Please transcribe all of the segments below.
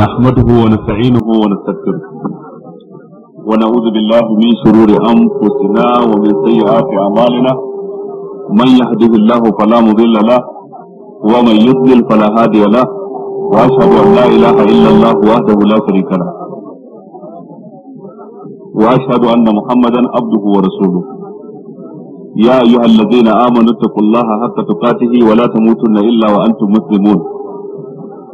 نحمده ونستعينه ونستغفره ونعوذ بالله من شرور انفسنا ومن سيئات اعمالنا من يهده الله فلا مضل له ومن يضلل فلا هادي له واشهد ان لا اله الا الله وحده لا شريك له واشهد ان محمدا عبده ورسوله يا ايها الذين امنوا اتقوا الله حق تقاته ولا تموتن الا وانتم مسلمون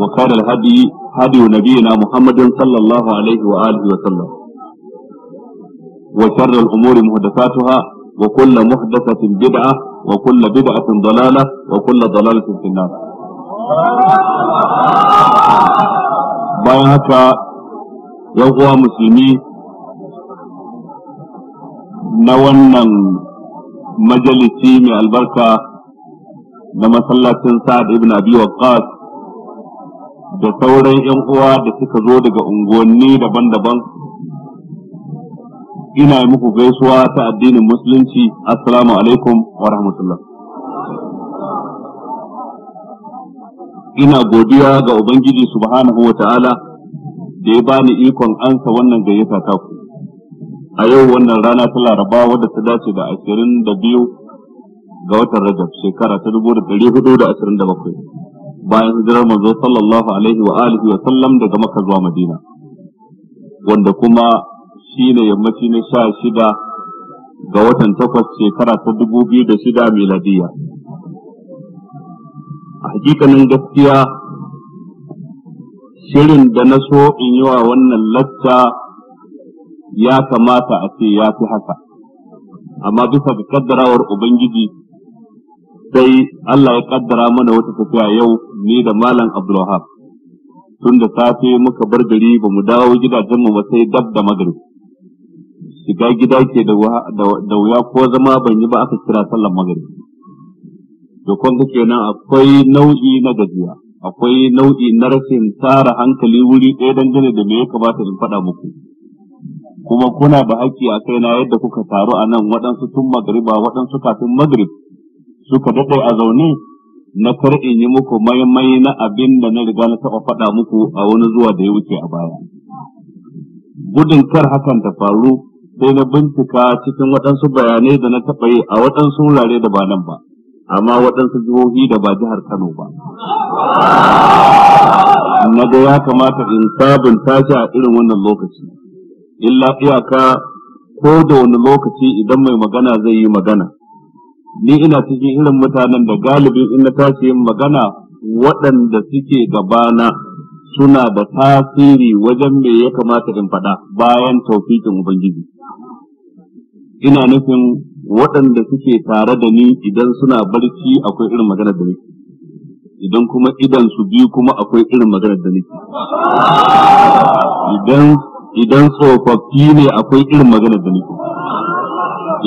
وكان الهدي هدي نبينا محمد صلى الله عليه وآله وسلم وشر الأمور محدثاتها وكل محدثة بدعة وكل بدعة ضلالة وكل ضلالة في النار bayan haka yan uwa musulmi na wannan majalisi mai albarka na masallacin sa'ad ibn abi waqqas da sauran 'yan uwa da suka zo daga unguwanni daban-daban ina muku gaisuwa ta addinin musulunci assalamu alaikum wa rahmatullah ina godiya ga ubangiji subhanahu wa ta'ala da ya bani ikon ansa wannan gayyata ta ku a yau wannan rana ta laraba wadda ta dace da ashirin da biyu ga watan rajab shekara ta dubu da ɗari hudu da ashirin da bakwai bayan hijirar manzo sallallahu alaihi wa alihi wa sallam daga maka zuwa Madina wanda kuma shi ne yammaci na sha shida ga watan takwas shekara ta dubu biyu da shida miladiya a hakikanin gaskiya shirin da na so in yi wa wannan lacca ya kamata a ce ya fi haka amma bisa ga kaddarawar ubangiji sai Allah ya kaddara mana wata tafiya yau ni da malam Abdulwahab tun da safe muka bar gari ba mu dawo gidajenmu ba sai dab da magrib shiga gida ke da wuya ko zama ban yi ba aka kira sallar magrib to kun ga kenan akwai nau'i na gajiya akwai nau'i na rashin tsara hankali wuri ɗaya dangane da me ya kamata in faɗa muku kuma kuna da haƙƙi a kaina yadda kuka taru a nan waɗansu tun magriba waɗansu kafin magrib suka daɗe a zaune na kar in yi muku maimai na abin da na riga na taɓa faɗa muku a wani zuwa da ya wuce a baya. Gudun kar hakan ta faru sai na bincika cikin waɗansu bayanai da na taɓa yi a waɗansu wurare da ba nan ba, amma waɗansu jihohi da ba jihar Kano ba. Na ga ya kamata in sabunta shi a irin wannan lokaci. Illa iyaka ko da wani lokaci idan mai magana zai yi magana. ni ina cikin irin mutanen da galibin in na tashi yin magana waɗanda suke gabana suna da tasiri wajen me ya kamata in faɗa bayan taufikin Ubangiji. Ina nufin waɗanda suke tare da ni idan suna barci akwai irin maganar da nake. Idan kuma idan su biyu kuma akwai irin maganar da nake. Idan tsofaffi ne akwai irin maganar da nake.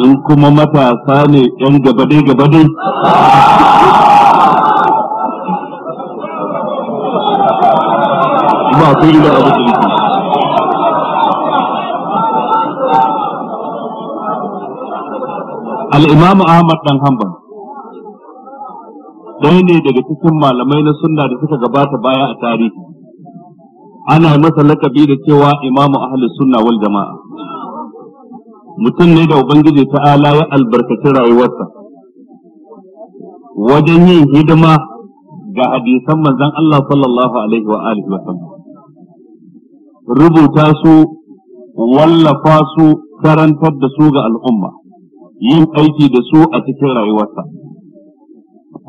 in kuma matasa ne ‘yan gabadai-gabadai. Ba su yi da abu kirki. Al’imamu Ahmad ɗan Hanban ɗaya ne daga cikin malamai na sunna da suka gabata baya a tarihi. Ana masa lakabi da cewa imamu ahlus sunna wal jama'a. mutum ne da ubangiji ta'ala ya albarkaci rayuwarsa wajen yin hidima ga hadisan manzon Allah sallallahu alaihi wa alihi wa sallam rubuta su wallafa su karantar da su ga al'umma yin aiki da su a cikin rayuwarsa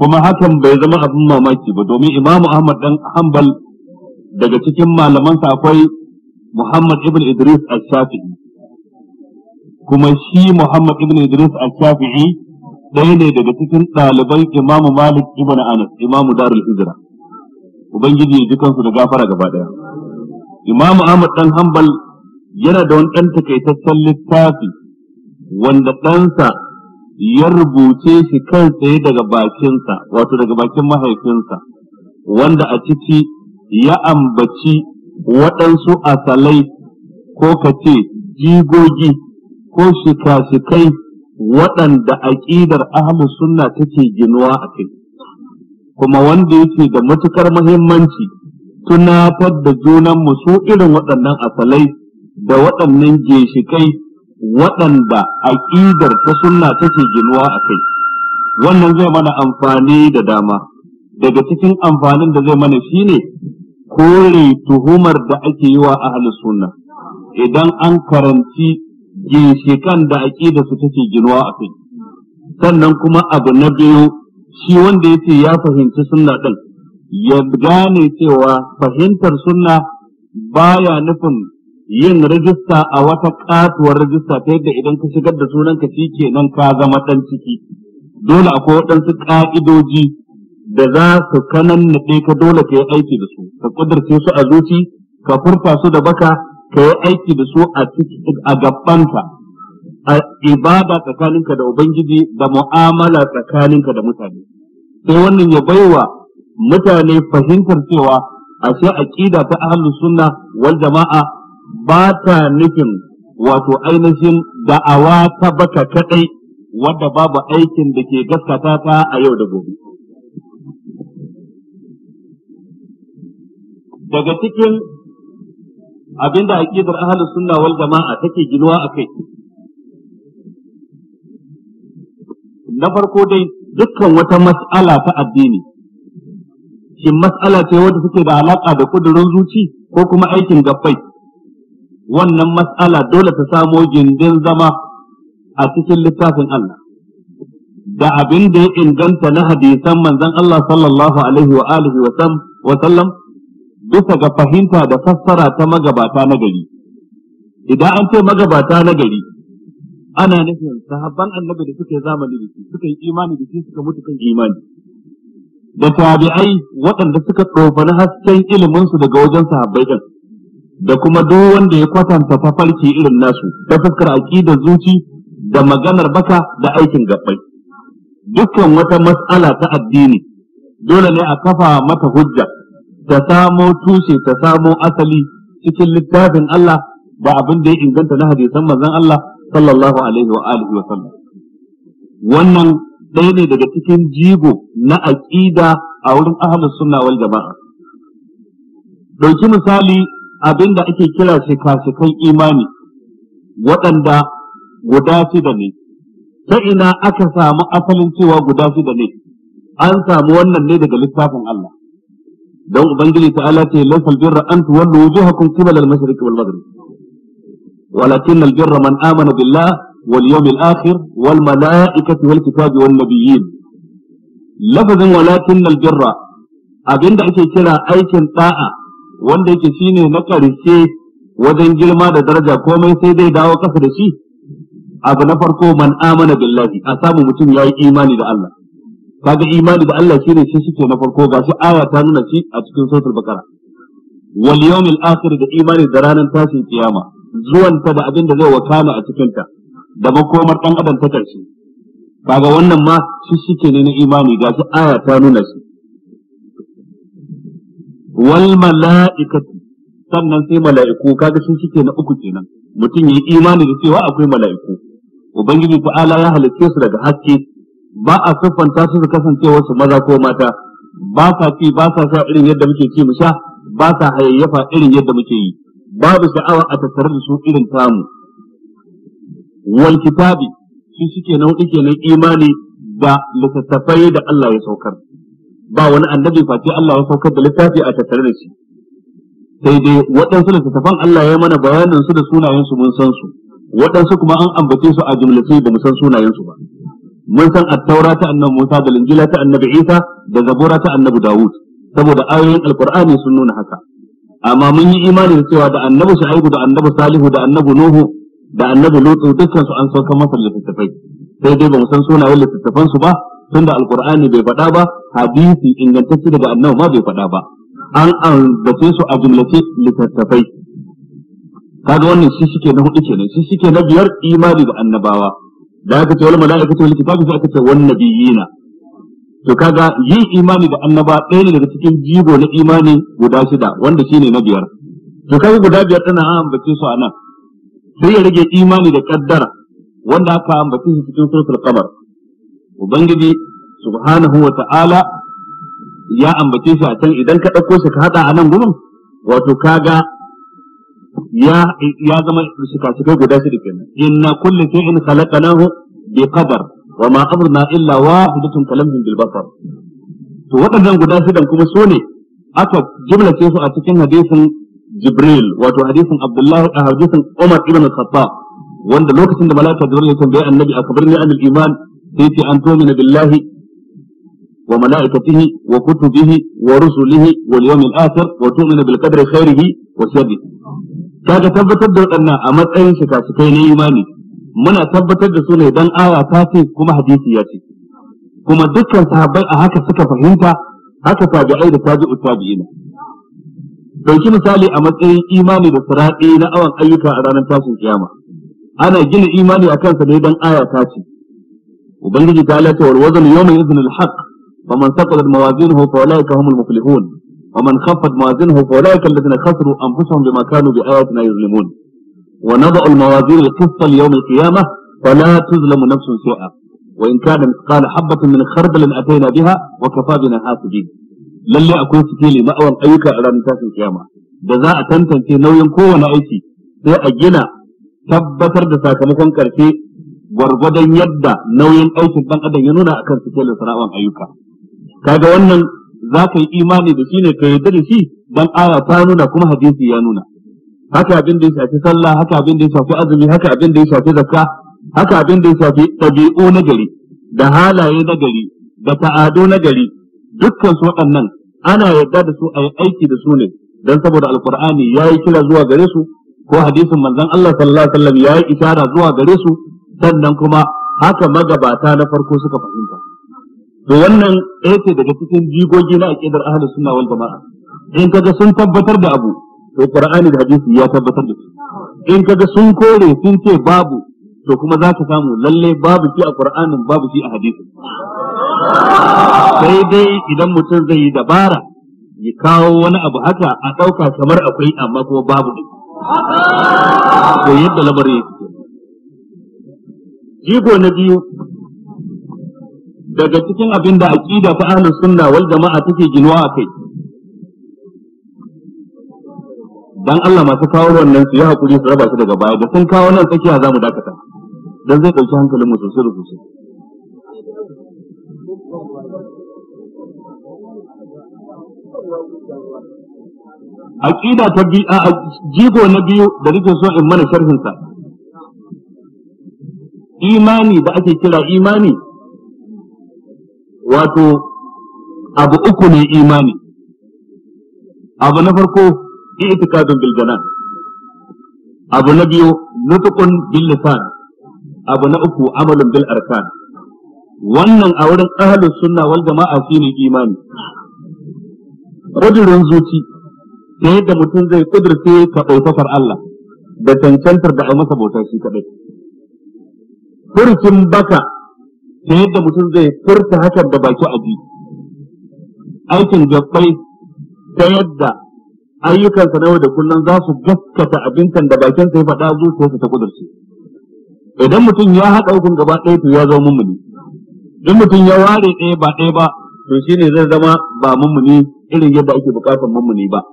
kuma hakan bai zama abin mamaki ba domin imamu ahmad dan hanbal daga cikin malamansa akwai muhammad ibn idris al-shafi'i kuma shi Muhammad ibn Idris al-Shafi'i ɗaya ne daga cikin ɗaliban Imam Malik ibn Anas Imam Darul Hijra ubangiji ya ji kansu da gafara gaba ɗaya Imam Ahmad dan Hanbal yana da wani ɗan takaitaccen littafi wanda ɗansa ya rubuce shi kan tsaye daga bakinsa wato daga bakin mahaifinsa wanda a ciki ya ambaci waɗansu asalai ko kace jigogi ko shika waɗanda aƙidar ahlus sunna take ginuwa a kai kuma wanda yake da matukar muhimmanci tunafar da junan mu su irin waɗannan asalai da waɗannan ginshikai waɗanda aƙidar ta sunna take ginuwa a kai wannan zai mana amfani da dama daga cikin amfanin da zai mana shine kore tuhumar da ake yi wa ahlus idan an karanci ginshikan eh, da aƙida su take ginuwa a kai sannan kuma abu na biyu shi wanda ya ce ya fahimci sunna ɗin ya gane cewa fahimtar sunna baya nufin yin rajista a wata katuwar rajista ta yadda idan ka shigar da sunanka shi kenan ka zama ɗan ciki dole akwai waɗansu ƙa'idoji da za su kanan naɗe ka dole ka yi aiki da su ka ƙudurce su a zuci ka furfa su da baka ka yi aiki da su a gabanka a ibada tsakaninka da ubangiji da mu'amala tsakaninka da mutane sai wannan ya baiwa mutane fahimtar cewa ashe ƙida ta ahlus sunna wal jama'a ba ta nufin wato ainihin da'awa ta baka kaɗai, wadda babu aikin da ke gaskata ta a yau da gobe daga cikin abinda aqidar ahlus sunna wal jama'a take ginuwa akai na farko dai dukkan wata mas'ala ta addini shin mas'ala ce wadda take da alaka da kudurin zuci ko kuma aikin gabbai wannan mas'ala dole ta samo gindin zama a cikin littafin Allah da abinda ya inganta na hadisan manzon Allah sallallahu alaihi wa alihi wa sallam bisa ga fahimta da fassara ta magabata na gari idan an ce magabata na gari ana nufin sahabban annabi da suka yi zamani da shi suka yi imani da shi suka mutu kan imani da tabi'ai waɗanda suka tsofani hasken iliminsu daga wajen sahabbai ɗin, da kuma duk wanda ya kwatanta fafarki irin nasu ta fuskar aƙidar zuci da maganar baka da aikin gabbai dukkan wata mas'ala ta addini dole ne a kafa mata hujja ta samo tushe ta samo asali cikin littafin Allah ba abin da ya inganta na hadisan manzon Allah sallallahu alaihi wa alihi wa wannan ɗaya ne daga cikin jigo na aqida a wurin ahlus sunna wal jama'a dauki misali abin da ake kira shi shikan imani waɗanda guda shida ne ta ina aka samu asalin cewa guda shida ne an samu wannan ne daga littafin Allah don ubangiji ta ala ce laysal birra an tuwallu wujuhakum qibala al-mashriq wal maghrib walakin al-birra man amana billah wal yawmil akhir wal mala'ikati wal kitabi wan nabiyyin lafazin walakin al-birra abinda ake kira aikin da'a wanda yake shine na karshe wajen girma da daraja komai sai dai dawo kasa da shi abu na farko man amana billahi a samu mutum yayi imani da Allah kaga imani ba Allah shine shi shike na farko gashi aya ta nuna shi a cikin suratul bakara. wal yawmil akhir da imani da ranar tashin kiyama zuwan ta da abin da zai wakana a cikin ta da makomar dan adam ta karshe kaga wannan ma shi shike ne na imani gashi aya ta nuna shi wal mala'ikatu sannan sai mala'iku kaga shi shike na uku kenan mutum yayi imani da cewa akwai mala'iku ubangiji ta'ala ya halicce su daga haske ba a siffanta su su kasance wasu maza ko mata ba sa ci ba sa sha irin yadda muke ci mu sha ba sa hayayyafa irin yadda muke yi babu sha'awa a tattare da su irin tamu wal kitabi shi suke nau'i kenan imani da littattafai da Allah ya saukar ba wani annabi face Allah ya saukar da littafi a tattare da shi sai dai waɗansu littattafan Allah ya mana bayanin su da sunayen su mun san su waɗansu kuma an ambace su a jumlatai ba mu san sunayen su ba mun san Attaura ta annabi Musa da linjila ta annabi Isa da zabura ta annabi Dawud saboda ayoyin alqur'ani sun nuna haka amma mun yi imani da cewa da annabi Shu'aibu da annabi Salihu da annabi Nuhu da annabi Lutu dukkan su an saukar masa littattafai sai dai ba mu san sunayen littattafan su ba tunda alqur'ani bai faɗa ba hadisi ingantacce daga annabi ma bai faɗa ba an ambace su a jumlace littattafai kaga wannan shi shike na hudu kenan shi shike na biyar imani da annabawa da aka ce wal mala'ikatu wal kitabu sai aka ce wan nabiyina to kaga yin imani da annaba ɗaya ne daga cikin jigo na imani guda shida wanda shine na biyar to kaga guda biyar tana an ambace su a nan sai ya rage imani da kaddara wanda aka ambace su cikin suratul qamar ubangiji subhanahu wa ta'ala ya ambace shi a can idan ka ɗauko shi ka haɗa a nan gurin wato kaga ya zama shika shika guda shida kenan inna kullu shay'in khalaqnahu bi qadar wa ma amruna illa wahidatun kalamhin bil basar to waɗannan guda shidan kuma so ne aka jumlace su a cikin hadisin Jibril wato hadisin Abdullahi a hadisin Umar ibn Khattab wanda lokacin da malaka Jibril ya tambaye annabi akbarni anil iman sai ce an tu'mina billahi wa malaikatihi wa kutubihi wa rusulihi wal yawmil akhir wa tu'mina bil qadri khairihi wa sharrihi kaga tabbatar da waɗannan a matsayin shika-shikai na imani muna tabbatar da su ne dan aya ta ce kuma hadisi ya ce kuma dukkan sahabbai a haka suka fahimta haka tabi'ai da tabi'u tabi'ina dauki misali a matsayin imani da siraɗi na awan ayyuka a ranar tashin kiyama ana gina imani a kansa ne dan aya ta ce ubangiji ta lata wal wazn yawma yuzn al haqq faman saqalat mawazinuhu fa ulaika humul muflihun ومن خفت موازينه فأولئك الذين خسروا أنفسهم بما كانوا بآياتنا يظلمون ونضع الموازين القسط ليوم القيامة فلا تظلم نفس شيئا وإن كان مثقال حبة من خردل أتينا بها وكفى بنا حاسبين lalle akwai sikeli ma'awar ayyuka a ranar tashin kiyama da za a tantance nauyin kowane aiki sai a gina tabbatar da sakamakon karshe gwargwadon yadda nauyin aikin dan adam ya nuna akan sikelin sana'an ayyuka kaga wannan za ka yi imani da shi ne ka yarda da shi dan aya ta nuna kuma hadisi ya nuna haka abin da ya shafi sallah haka abin da ya shafi azumi haka abin da ya shafi zakka haka abin da ya shafi ɗabi'u na gari da halaye na gari da ta'ado na gari dukkan su waɗannan ana yarda da su a yi aiki da su ne dan saboda alqur'ani yayi kira zuwa gare su ko hadisin manzon Allah sallallahu alaihi wasallam yayi isara zuwa gare su sannan kuma haka magabata na farko suka fahimta da wannan ɗaya ce daga cikin jigogi na aƙidar ahalus suna wal jama'a in kaga sun tabbatar da abu to qur'ani da hadisi ya tabbatar da shi in kaga sun kore sun ce babu to kuma za ka samu lalle babu shi a qur'anin babu shi a hadisi sai dai idan mutum zai yi dabara ya kawo wani abu haka a ɗauka kamar akwai amma kuma babu ne to yadda ya fito. jigo na biyu daga cikin abin da aqida fa ahlus sunna wal jama'a take ginuwa a kai dan Allah masu kawo wannan su yi hakuri su raba su daga baya da sun kawo nan tsakiya zamu dakata dan zai dauki hankalin mu sosai da sosai aqida ta bi a jigo na biyu da nake so in mana sharhin sa imani da ake kira imani wato abu uku ne imani abu na farko ita bil janan abu na biyu nutukun bil abu na uku amalin bil arkan wannan a wurin ahlus sunna wal jama'a shine imani kudurin zuci ta da mutum zai kudurce ka bautakar Allah da cancantar da a masa bauta shi kadai furcin baka da yadda mutum zai furta hakan da baki a ji aikin gaskai ta yadda ayyukansa na yau da kullum za su gaskata abincin da bakinsa ya faɗa zuciyarsa ta kudurce idan mutum ya haɗa hukun gaba ɗaya to ya zama mummuni idan mutum ya ware ɗaya ba ɗaya ba to shi ne zai zama ba mummuni irin yadda ake buƙatar mummuni ba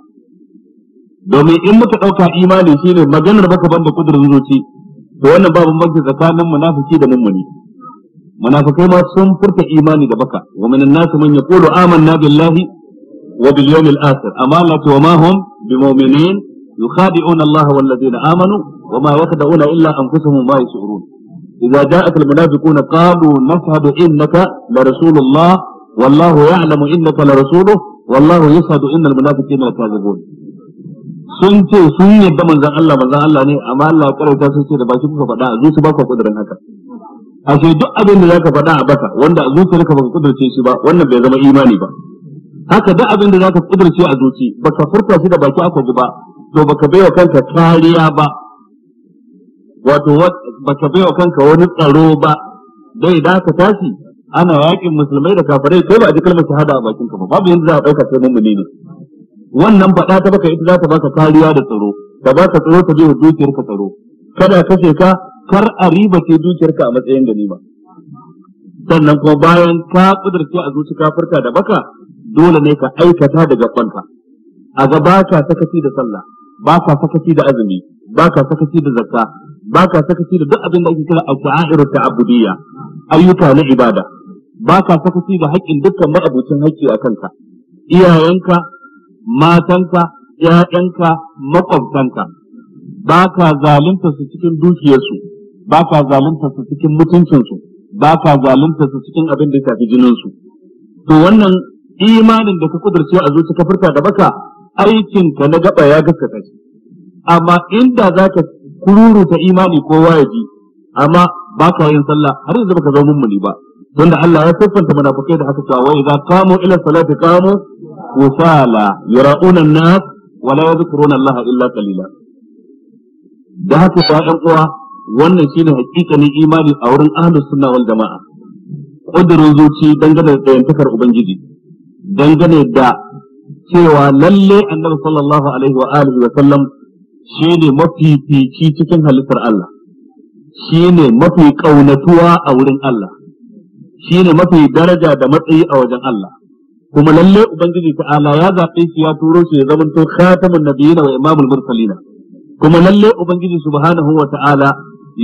domin in muka ɗauka imani shine maganar baka banda kudurin zuci to wannan babu banki tsakanin munafiki da mummuni munafikai ma sun furta imani da baka wa minan nasu man yaqulu amanna billahi wa bil yawmil akhir amma la wa ma hum bimu'minin yukhadi'una Allah wal ladina amanu wa ma yakhda'una illa anfusuhum ma yash'urun idza ja'at la والله يعلم انك لرسوله والله يشهد ان المنافقين لكاذبون sun ce sun yadda manzan Allah manzan Allah ne amma Allah ya karanta sun ce da baki kuka faɗa a zuci ba ku kudirin haka ashe duk abin da zaka faɗa a baka wanda a zuciyarka baka kudurce shi ba wannan bai zama imani ba haka duk abin da zaka kudurce a zuci baka furta shi da baki aka ba to baka baiwa kanka kariya ba wato baka baiwa kanka wani tsaro ba dai da ka tashi ana yakin musulmai da kafirai kai ba a ji kalmar shahada a bakinka ba babu yanda za a ɗauka kai mummuni ne wannan faɗa ta baka ita za ta baka kariya da tsaro ta baka tsaro ta bai wa zuciyarka tsaro kada kashe ka kar a riba ce dukiyarka a matsayin ganima sannan kuma bayan ka kudurce a zuci kafirka da baka dole ne ka aikata daga gabanka a ga ba ka sakaci da sallah ba ka sakaci da azumi ba ka sakaci da zakka ba ka sakaci da duk abin da ake kira al-sha'iru ta'abudiyya ayyuka na ibada ba ka sakaci da haƙƙin dukkan ma'abucin haƙƙi a kanka iyayenka matanka 'ya'yanka, maƙwabtanka ba ka zalunta su cikin dukiyarsu ba ka zalunta su cikin mutuncinsu ba ka zalunta su cikin abin da ya fi jininsu to wannan imanin da ka kudurce a zuci ka furta da baka aikin ka na gaba ya gaskata shi amma inda za zaka kururuta imani kowa ya ji amma ba ka yin sallah har yanzu baka zama mummuni ba da Allah ya siffanta munafikai da aka cewa idza qamu ila salati qamu kusala yura'una an-nas wa la yadhkuruna Allah illa qalila da haka ba ɗan uwa wannan shine hakikanin imani a wurin ahlus sunna wal jama'a kudurin zuci dangane da yantakar ubangiji dangane da cewa lalle annabi sallallahu alaihi wa alihi wa sallam shine mafifici cikin halittar Allah shine mafi kaunatuwa a wurin Allah shine mafi daraja da matsayi a wajen Allah kuma lalle ubangiji ta'ala ya zaɓe shi ya turo shi ya to khatamun nabiyina wa imamul mursalina kuma lalle ubangiji subhanahu wa ta'ala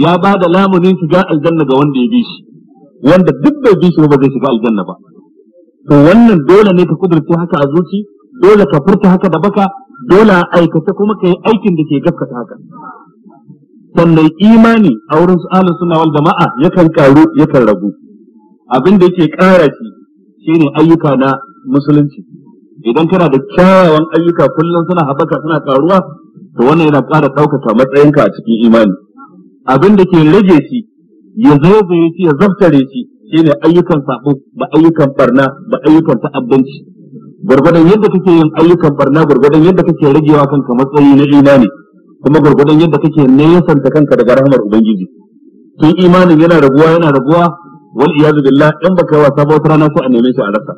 ya ba da lamunin shiga aljanna ga wanda ya bi shi wanda duk bai bi shi ba zai shiga aljanna ba to wannan dole ne ka kudurce haka a zuci dole ka furta haka da baka dole a aikata kuma ka yi aikin da ke gaskata haka sannan imani a wurin su suna wal jama'a yakan karu yakan ragu abin da yake kara shi shine ayyuka na musulunci idan kana da kyawawan ayyuka kullum suna haɓaka suna karuwa to wannan yana ƙara ɗaukaka matsayinka a cikin imani abin da ke rage shi ya zaizaye shi ya zaftare shi shi ne ayyukan sabo ba ayyukan barna ba ayyukan ta'abbanci gwargwadon yadda kake yin ayyukan barna gwargwadon yadda kake ragewa kanka matsayi na imani kuma gwargwadon yadda kake nesanta kanka daga rahmar ubangiji tun imanin yana raguwa yana raguwa wal iyadu billah in baka yi wasa rana ko a neme shi a rasa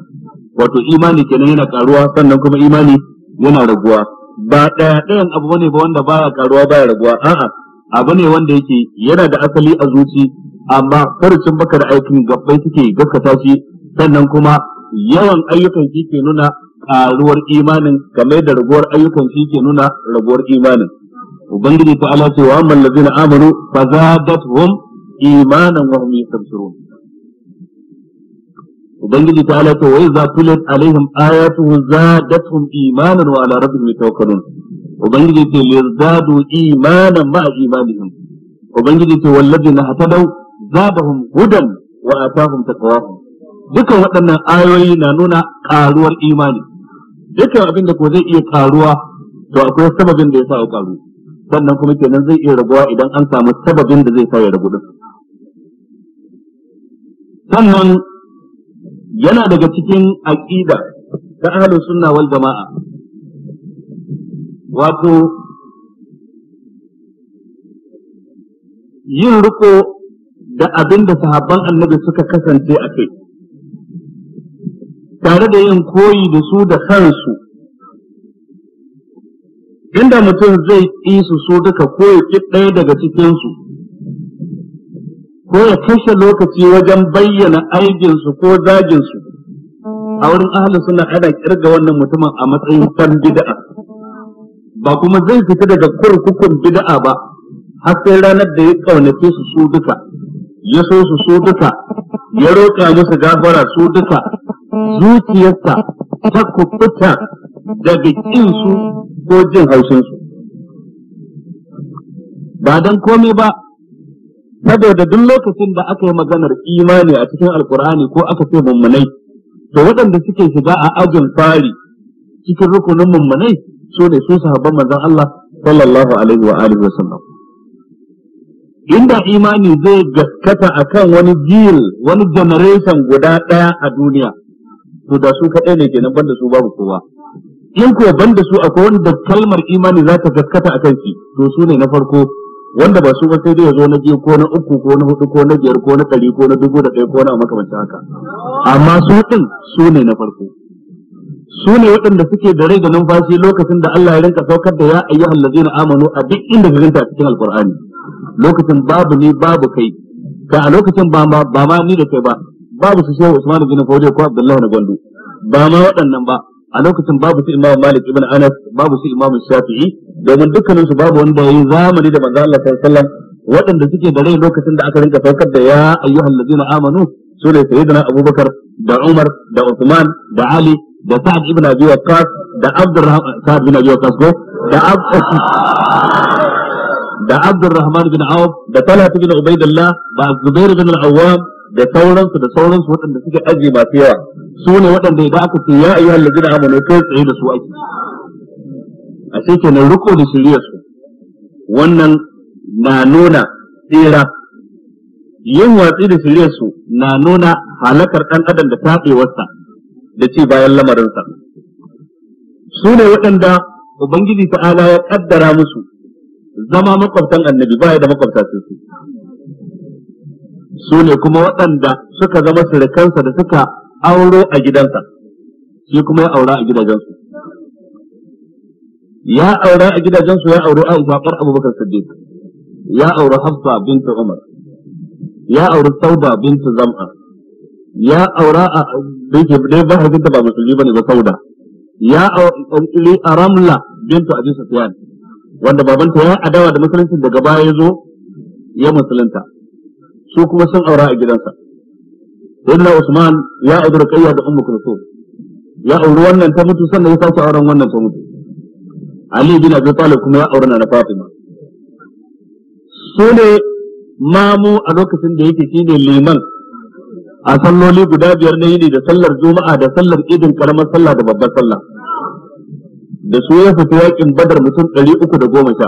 wato imani kenan yana karuwa sannan kuma imani yana raguwa ba ɗaya ɗayan abu ne ba wanda baya karuwa baya raguwa a'a abu ne wanda yake yana da asali a zuci amma karicin baka da aikin gabbai suke gaskata shi sannan kuma yawan ayyukan shi ke nuna karuwar imanin game da raguwar ayyukan shi ke nuna raguwar imanin ubangiji ta ala ce wa amman lazina amanu fa zadatuhum imanan wa hum yastabshirun ubangiji ta ala ce wa iza tulit alaihim ayatuhu zadatuhum imanan wa ala rabbihim yatawakkalun ubangiji ce lizdadu imanan ma imanihim ubangiji ce wallazi na hatadau zadahum hudan wa atahum taqwahum Dukkan waɗannan ayoyi na nuna karuwar imani Dukkan abin da ko zai iya karuwa to akwai sababin da ya sa ya karu sannan kuma kenan zai iya rabuwa idan an samu sababin da zai sa ya rabu sannan yana daga cikin aƙida ta ahlus sunna wal jama'a wato yin riko da abin da sahabban annabi suka kasance a kai tare da yin koyi da su da kansu inda mutum zai isu su duka koyi ki ɗaya daga cikinsu ko ya kashe lokaci wajen bayyana aikinsu ko zaginsu a wurin ahalin suna ana ƙirga wannan mutumin a matsayin ɗan bid'a. ba kuma zai fita daga kurkukun bid'a ba har sai ranar da ya kaunace su su duka ya so su su duka ya roƙa musu gafara su duka zuciyarsa ta kukuta daga kin su ko jin haushin su ba dan komai ba saboda duk lokacin da aka yi maganar imani a cikin alkur'ani ko aka ce mummunai to waɗanda suke shiga a ajin fari cikin rukunin mummunai su ne su sahabban manzon Allah sallallahu alaihi wa alihi wa sallam inda imani zai gaskata akan wani jil wani generation guda ɗaya a duniya to da su kadai ne kenan banda su babu kowa in kuwa banda su akwai wanda kalmar imani za ta gaskata akan shi to su ne na farko wanda ba su ba sai dai ya zo na biyu ko na uku ko na hudu ko na biyar ko na dari ko na dubu da ɗaya ko na makamancin haka amma su din su ne na farko su ne waɗanda suke da rai da numfashi lokacin da Allah ya rinka saukar da ya ayyuhal na amanu a duk inda ka a cikin alkur'ani lokacin babu ni babu kai ka a lokacin ba ma ba ma ni da kai ba babu su shehu Usman bin Fawzi ko Abdullahi na Gondo ba ma waɗannan ba a lokacin babu su Imam Malik ibn Anas babu su Imam Shafi'i domin dukkanin su babu wanda yi zamani da manzo Allah sallallahu alaihi wasallam waɗanda suke da rai lokacin da aka rinka saukar da ya ayyuhal ladzina amanu su ne sayyidina Abubakar da Umar da Usman, da Ali da Sa'ad ibn Abi Waqqas da Abdurrahman Sa'ad ibn Abi Waqqas ko da da Abdurrahman bin Auf da Talha bin Ubaidillah da Zubair bin Al-Awwam da sauransu da sauransu waɗanda suke aji masu yawa su ne waɗanda idan aka ce ya ayyuhal ladina amanu kai tsaye da su ake a sai kenan riko da shiriyar su wannan na nuna tsira yin watsi da shiriyar su na nuna halakar ɗan adam da taɓewarsa da ce bayan lamarinsa su ne waɗanda ubangiji ta'ala ya ƙaddara musu zama makwabtan annabi ba da makwabta su su ne kuma waɗanda suka zama surukansa da suka auro a gidansa shi kuma ya aura a gidajensu ya aura a gidajensu ya auro a zaɓar abubakar siddiq ya aura hafsa binta umar ya auri sauda binta zam'a ya aura a da yake ba ba hakinta ba musulmi bane ba sauda ya aure a ramla bintu abi sufyan wanda babanta ya adawa da musulunci daga baya ya zo ya musulunta su kuma sun aura a gidansa sayyidina usman ya aure kayya da ummu so. ya auri wannan ta mutu sannan ya sace auren wannan ta mutu ali bin abi talib kuma ya aure na fatima su ne mamu a lokacin da yake shine liman a salloli guda biyar na yini da sallar juma'a da sallar idin karamar sallah da babbar sallah da su ya fita yakin badar mutum ɗari uku da goma sha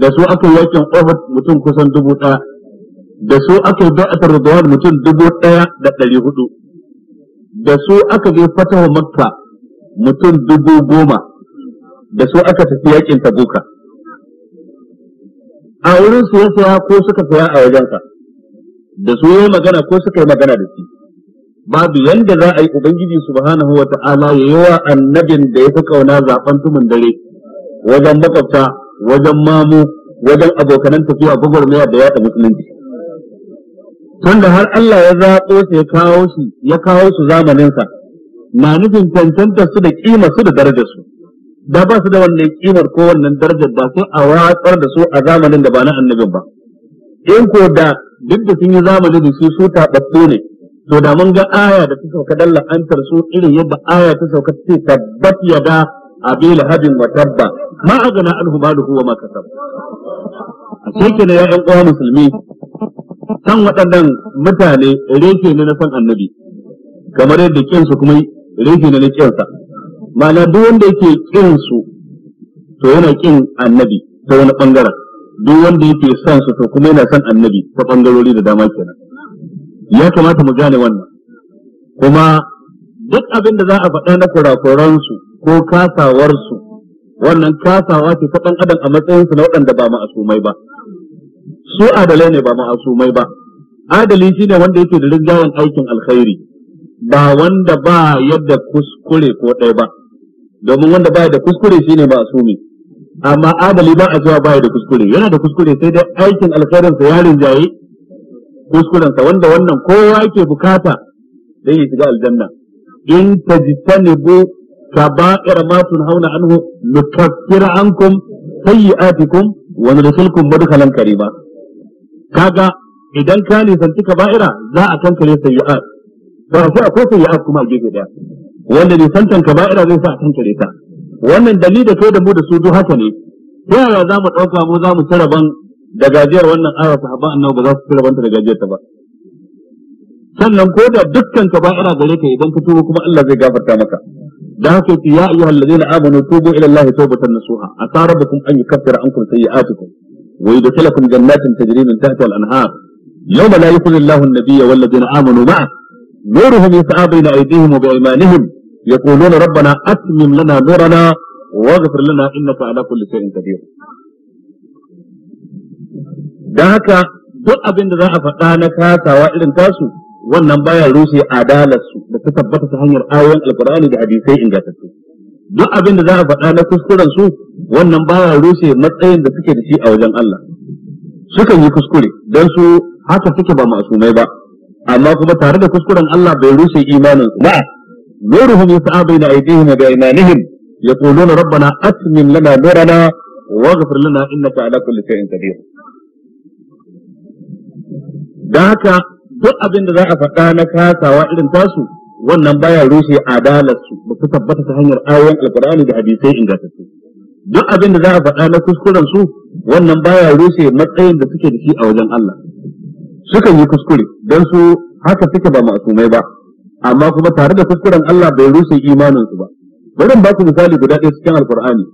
da su aka yakin ohud mutum kusan dubu ɗaya da su aka yi ba'atar ridwan mutum dubu ɗaya da ɗari hudu da su aka je fatawa makka mutum dubu goma da su aka tafi yakin tabuka a wurin su ya saya ko suka saya a wajensa. da su yi magana ko suka yi magana da shi babu yadda za a yi ubangiji subhanahu wa ta'ala ya yi wa annabin da ya fi kauna zaben tumin dare wajen makwabta wajen mamu wajen abokanan tafiya gwagwarmaya da yaɗa musulunci tunda har Allah ya zaɓo shi ya kawo shi ya kawo su zamaninsa na nufin cancanta su da kima su da darajar su da ba su da wannan kimar ko wannan darajar ba sai a watsar da su a zamanin da ba na annabin ba in ko da duk da sun yi zamani da su su taɓaɓɓe ne to da mun ga aya da ta sauka dalla an tarso irin yadda aya ta sauka ta ce tabbat yada a hadin wa tabba ma agana anhu maluhu wa ma kasab sai kenan ya ɗan ƙwa musulmi san waɗannan mutane reke ne na san annabi kamar yadda kinsu kuma reke ne na kinsa ma'ana duk wanda yake kinsu to yana kin annabi ta wani ɓangaren duk wanda yake son su to kuma yana son annabi ta bangarori da dama kenan ya kamata mu gane wannan kuma duk abin da za a faɗa na su ko kasawarsu wannan kasawa ce ta ɗan adam a matsayinsu na waɗanda ba ma'asumai ba su adalai ne ba ma'asumai ba adali shine wanda yake da rigayen aikin alkhairi ba wanda ba yadda kuskure ko ɗaya ba domin wanda ba da kuskure shine ma'asumi amma adali ba a cewa baya da kuskure yana da kuskure sai dai aikin alkhairin sa ya rinjaye kuskuren sa wanda wannan kowa yake bukata dan ya shiga aljanna in tajtanibu kaba'ir ma tunhauna anhu nukaffir ankum sayyi'atikum wa nudkhilkum madkhalan karima kaga idan ka nisanci kaba'ira za a kankare sayyi'at ba sai akwai sayyi'at kuma a gefe daya wanda nisantan kaba'ira zai sa a kankare ta wannan dalilin da kai da mu da su duk haka ne ta yaya za mu ɗauka mu za mu ci rabon da gajiyar wannan ayar sahabban annabi ba za su ci rabon ta da gajiyar ta ba sannan ko da dukkan ka ina gare ka idan ka tuba kuma Allah zai gafarta maka da haka yake ya ayyuha alladhina amanu tubu ila Allah tawbatan nasuha asa rabbukum an yukaffira ankum sayi'atikum wa yudkhilakum jannatin tajri min tahtiha al-anhar yawma la yukhzi Allahu an-nabiyya wal ladhina amanu ma'a nuruhum yas'a bayna aydihim wa bi يقولون ربنا أتمم لنا نورنا واغفر لنا إنك على كل شيء قدير dan haka duk abin da za a faɗa na kasawa irin tasu wannan baya rushe adalarsu da ta tabbata ta hanyar ayoyin alkur'ani da hadisai ingantattu duk abin da za a faɗa na kuskuren su wannan baya rushe matsayin da suke da shi a wajen Allah sukan yi kuskure don su haka suke ba sumai ba amma kuma tare da kuskuren Allah bai rushe imanin su ba نورهم يسعى بين أيديهم وبأيمانهم يقولون ربنا أتمم لنا نورنا واغفر لنا إنك على كل شيء قدير da haka duk abin da za a faɗa na kasawa irin tasu wannan baya rushe adalarsu ba su tabbata ta hanyar ayoyin alkur'ani da hadisai ingantattu duk abin da za a faɗa na kuskuren su wannan baya rushe matsayin da suke da shi a wajen Allah sukan yi kuskure don su haka suke ba masumai ba amma kuma tare da kuskuren Allah bai rushe imaninsu ba barin ba ku misali guda ɗaya cikin alkur'ani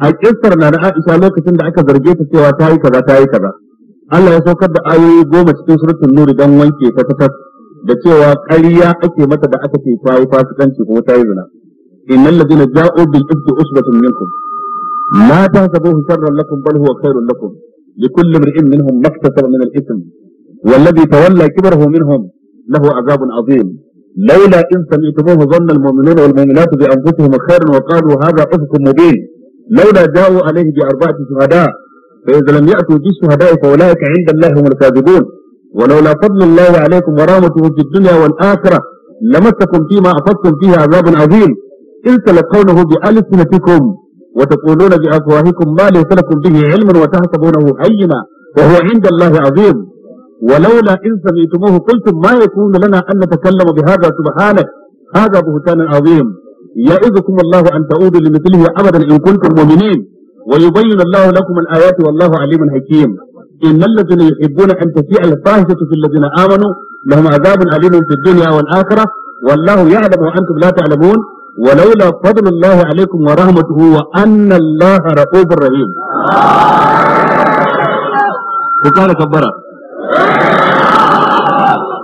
a na da Aisha lokacin da aka zarge ta cewa ta yi kaza ta yi kaza Allah ya saukar da ayoyi goma cikin suratun nuri dan wanke ta da cewa ƙarya ake mata da aka ce ta yi fasikanci ko ta yi zina innal ladina ja'u bil ifki usbatun minkum la tahsabuhu sharran lakum bal huwa khairun lakum likulli imrin minhum maktasaba min al-ithm والذي تولى كبره منهم له عذاب عظيم لولا إن سمعتموه ظن المؤمنون والمؤمنات بأنفسهم خيرا وقالوا هذا أفق مبين لولا جاءوا عليه بأربعة شهداء فإذا لم يأتوا بالشهداء فأولئك عند الله هم الكاذبون ولولا فضل الله عليكم ورامته في الدنيا والآخرة لمسكم فيما أفضتم فيه عذاب عظيم إن تلقونه بألسنتكم وتقولون بأفواهكم ما ليس لكم به علم وتحسبونه هينا وهو عند الله عظيم ولولا إن سمعتموه قلتم ما يكون لنا أن نتكلم بهذا سبحانك هذا بهتان عظيم يعظكم الله أن تعودوا لمثله أبدا إن كنتم مؤمنين ويبين الله لكم الآيات والله عليم حكيم إن الذين يحبون أن تشيع الفاحشة في الذين آمنوا لهم عذاب أليم في الدنيا والآخرة والله يعلم وأنتم لا تعلمون ولولا فضل الله عليكم ورحمته وأن الله رؤوف رحيم. وقال كبرت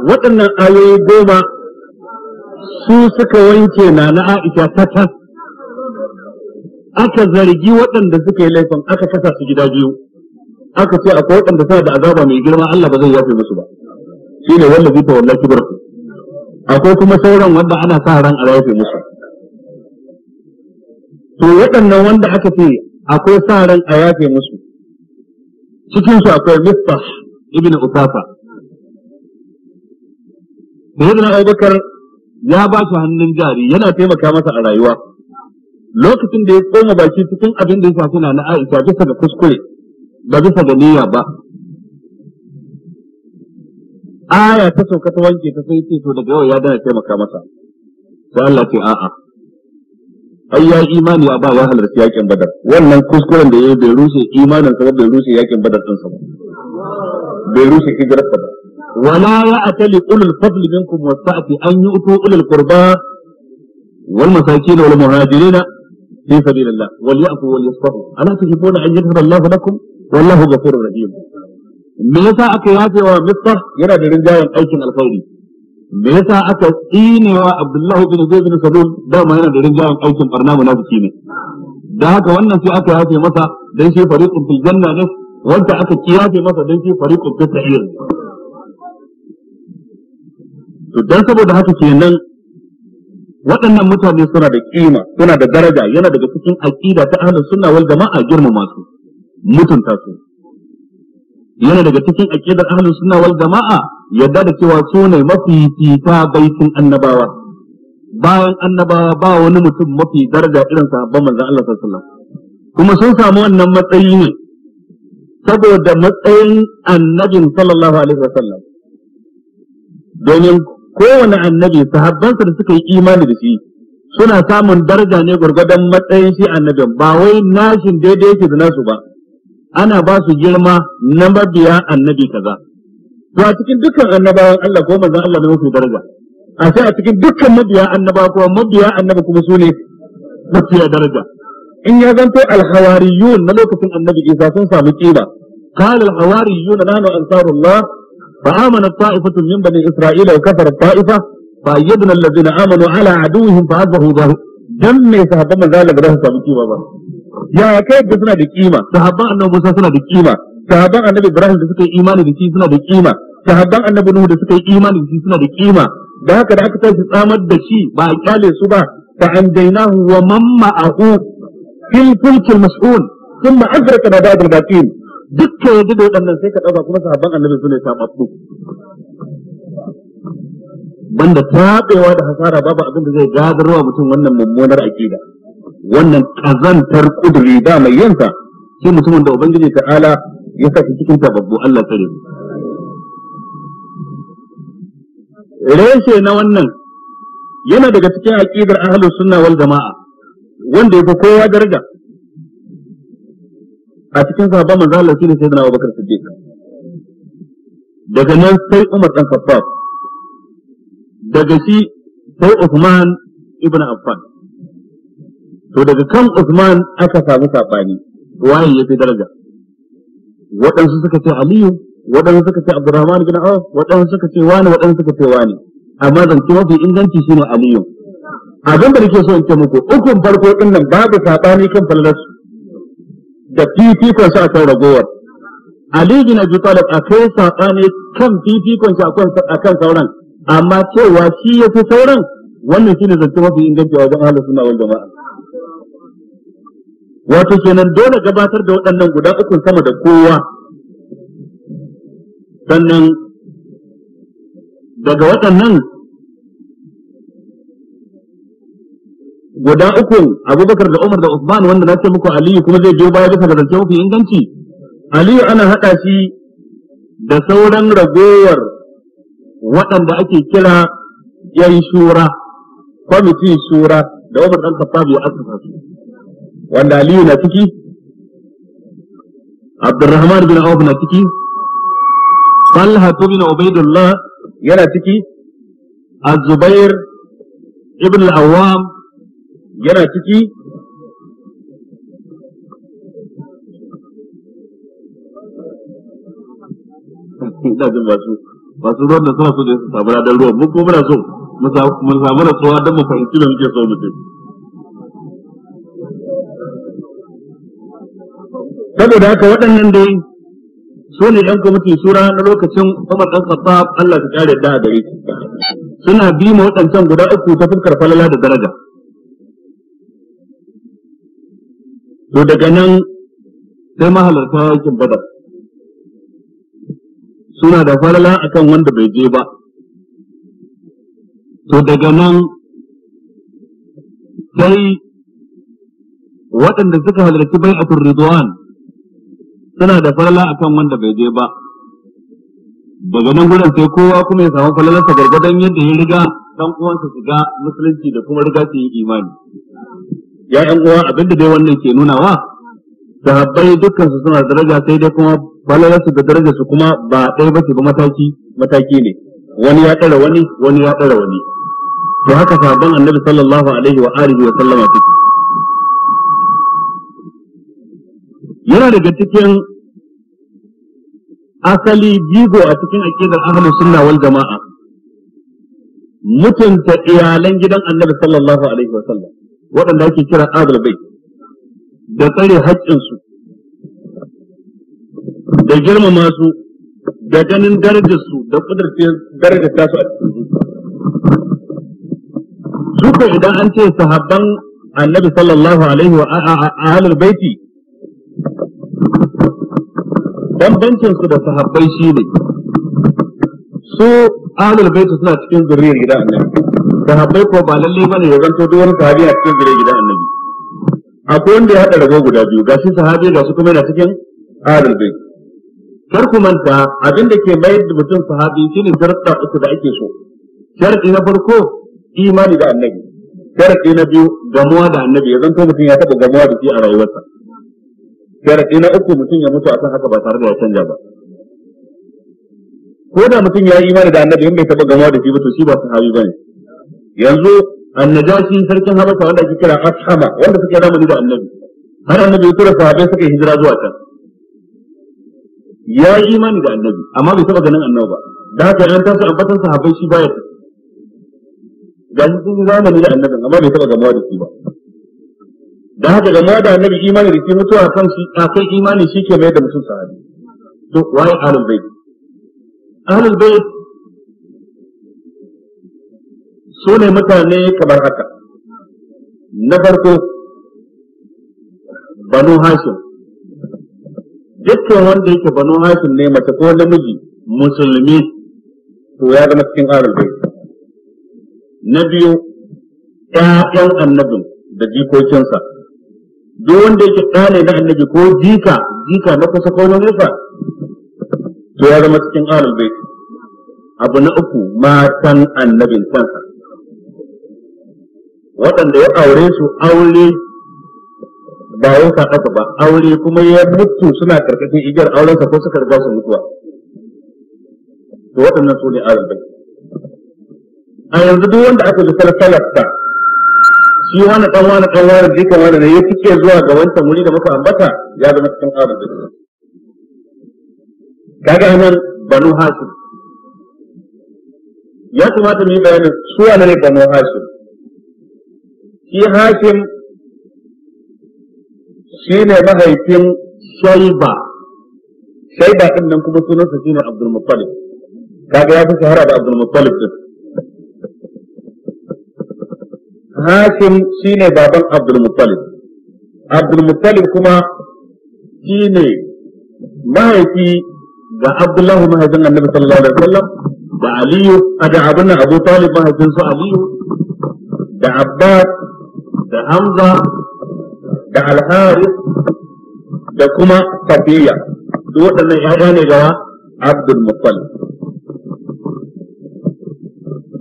waɗannan ayoyi goma su suka wanke na na Aisha fata aka zargi waɗanda suka yi laifin aka fasa su gida biyu aka ce akwai waɗanda suna da azaba mai girma Allah ba zai yafe musu ba shi ne wallazi ta kibar ku akwai kuma sauran wanda ana sa ran a yafe musu to waɗannan wanda aka ce akwai sa ran a yafe musu cikin su akwai miftah ibn Usafa Sayyidina Abubakar ya ba su hannun jari yana taimaka masa a rayuwa lokacin da ya koma baki cikin abin da ya shafi na Aisha bisa ga kuskure ba bisa ga niyya ba aya ta sauka ta wanke ta sai ce to daga yau ya dana taimaka masa sai Allah ce a'a ai ya imani ya ba ya halarci yakin badar wannan kuskuren da ya bai rushe imanin sa bai rushe yakin badar din sa ba bai rushe hijirarsa ba ولا يأتل أولو الفضل منكم والسعة أن يؤتوا أولي القربى والمساكين والمهاجرين في سبيل الله وليأفوا وليصفحوا ألا تحبون أن يغفر الله لكم والله غفور رحيم me yasa aka yafe wa Mista yana da rinjayen aikin alkhairi me yasa aka tsine wa Abdullahu bin Zaid bin Salul dama yana da rinjayen aikin barna munafiki ne da haka wannan sai aka yafe masa dan shi fariqun fil janna ne wanda aka kiyace masa don shi ta tasahir to dan saboda haka kenan waɗannan mutane suna da kima suna da daraja yana daga cikin aqida ta ahlus sunna wal jama'a girmama su mutunta su yana daga cikin aqidar ahlus sunna wal jama'a yadda da cewa su ne mafi fita baitin annabawa bayan annabawa ba wani mutum mafi daraja irin sahabban manzon Allah sallallahu alaihi wasallam kuma sun samu wannan matsayi ne saboda matsayin annabin sallallahu alaihi wa sallam, domin kowane annabi sahabbansa da suka yi imani da shi suna samun daraja ne gwargwadon matsayin shi annabin ba wai nashin daidai yake da nasu ba ana ba su girma na mabiya annabi kaza to a cikin dukkan annabawan Allah ko manzon Allah ne mafi daraja a sai a cikin dukkan mabiya annaba ko mabiya annabi kuma su ne mafiya daraja in ya zanto alhawariyun na lokacin annabi isa sun samu kila قال الحواريون نحن أنصار الله فآمنت طائفة من بني إسرائيل وكفرت طائفة فأيدنا الذين آمنوا على عدوهم فأصبحوا ظاهر dan me sahabban manzo Allah ba samu kima ba ya kai da suna da kima sahabban annabi Musa suna da kima sahabban annabi Ibrahim da suka yi imani da shi suna da kima sahabban annabi Nuhu da suka yi imani da shi suna da kima da haka da aka tashi tsamar da shi ba a su ba fa anjaynahu wa man fil fulkil mas'ul thumma adraka da al-baqin dukkan yanzu da waɗannan sai ka ɗauka kuma sahabban annabi su ne tababbu banda tabewa da hasara babu abin da zai gadarwa mutum wannan mummunar aqida wannan kazantar kuduri da mai yanka shi mutum da ubangiji ta'ala ya saki cikin tababbu Allah tsare reshe na wannan yana daga cikin aqidar ahlus sunna wal jama'a wanda ya fi kowa daraja a cikin sahabban manzo Allah shine sayyidina Abubakar Siddiq daga nan sai Umar dan Khattab daga shi sai Uthman ibn Affan to daga kan Uthman aka samu sabani waye ya fi daraja waɗansu suka ce Aliyu waɗansu suka ce Abdurrahman ibn Auf waɗansu suka ce wani waɗansu suka ce wani amma zance mafi inganci shine Aliyu abin da nake so in ce muku ukun farko din nan babu sabani kan su da fifikon sa akan ragowar Ali bin Abi Talib akwai sabani kan fifikon a akan sauran amma cewa shi ya fi sauran wannan shine zance mafi inganci wajen ahlus sunna wal jama'a wato kenan dole gabatar da waɗannan guda ukun sama da kowa sannan daga waɗannan guda uku Abubakar da Umar da usman wanda na ce muku Aliyu kuma zai biyo baya bisa da zance mafi inganci Aliyu ana haɗa shi da sauran ragowar waɗanda ake kira yan shura kwamitin shura da Umar dan Khattab ya asasa su wanda Aliyu na ciki Abdurrahman bin Auf na ciki Talha bin Ubaidullah yana ciki Az-Zubair ibn al-Awwam yana ciki ina jin masu masu ruwan da suna so da su samu ladan ruwan mun kuma muna so mu samu rasuwa don mu fahimci da muke so mu ce saboda haka waɗannan dai su ne ɗan kwamiti sura na lokacin Umar ɗan Khattab Allah ta kare da gare suna bi ma waɗancan guda uku ta fuskar falala da daraja to daga nan sai mahalarta yakin badar suna da falala akan wanda bai je ba to daga nan sai waɗanda suka halarci a turiduwan suna da falala akan wanda bai je ba daga nan gudan sai kowa kuma ya samu falalarsa gargadon yadda ya riga dan uwansa shiga musulunci da kuma riga su yi imani ya ɗan uwa abinda dai wannan ke nunawa sahabbai dukkan su suna daraja sai dai kuma balalarsu da darajarsu kuma ba ɗaya ba ce ba mataki mataki ne wani ya ɗara wani wani ya ɗara wani to haka sahabban annabi sallallahu alaihi wa alihi wa sallama take yana daga cikin asali bigo a cikin aqidar ahlus sunna wal jama'a mutunta iyalan gidan annabi sallallahu alaihi wa sallam waɗanda ake kira adal bai da tsare haƙƙinsu da girmama su da ganin darajarsu da ƙudurce darajar tasu a cikin su. suka idan an ce sahabban annabi sallallahu alaihi wa ahalul baiti bambancin su da sahabbai shine su ahalul baiti suna cikin zuriyar gidan annabi sahabbai ko ba lalle bane ya zanto duk wani sahabi a cikin gare gidan annabi akwai wanda ya hada rago guda biyu ga shi sahabi gashi kuma yana cikin ahlul bait kar ku manta abin da ke mayar da mutum sahabi shine sharuɗa uku da ake so sharaɗi na farko imani da annabi sharaɗi na biyu gamuwa da annabi ya zanto mutum ya taɓa gamuwa da shi a rayuwarsa sharaɗi na uku mutum ya mutu akan haka ba tare da ya canja ba ko da mutum ya yi imani da annabi in bai taɓa gamuwa da shi ba to shi ba sahabi bane yanzu annajashi sarkin habasha wanda ake kira ashama wanda suke zamani da annabi har annabi ya tura sahabbai suka hijira zuwa can ya yi imani da annabi amma bai taba ganin annabi ba da haka yan tasu ambatan sahabbai shi baya ga shi sun zamani da annabi amma bai taba gamawa da shi ba da haka gamawa da annabi imani da shi mutuwa kan shi kai imani shi ke mai da mutum sahabi to waye ahlul bait ahlul bait su ne mutane kamar haka na farko banu hashim dukkan wanda yake banu hashim ne mace ko namiji musulmi to ya zama cikin ahlul na biyu ƴaƴan annabin da jikokinsa duk wanda yake ɗa ne na annabi ko jika jika na kusa ko na nesa to ya zama cikin ahlul abu na uku matan annabin kansa waɗanda ya aure su aure ba wai sadaka ba aure kuma ya mutu suna karkashin igiyar sa ko suka riga su mutuwa to waɗannan su ne ahlul a yanzu duk wanda aka ji falsalarsa shi wani ɗan wani ɗan wani jikan wani da ya fike zuwa ga wancan wuri da muka ambata ya zama cikin ahlul kaga nan banu hasu ya kamata mu yi bayanin su ne banu hasu shi hakim shi ne mahaifin shaiba shaiba ɗin nan kuma sunansa shi ne abdulmuttalib kaga ya fi shahara da abdulmuttalib ɗin hakim shi ne baban abdulmuttalib abdulmuttalib kuma shi ne mahaifi ga abdullahi mahaifin annabi sallallahu alaihi wasallam da aliyu da abin abu talib mahaifinsu aliyu da abbas da hamza da alharis da kuma safiya duk waɗannan ‘ya'ya ne gawa abdul mutal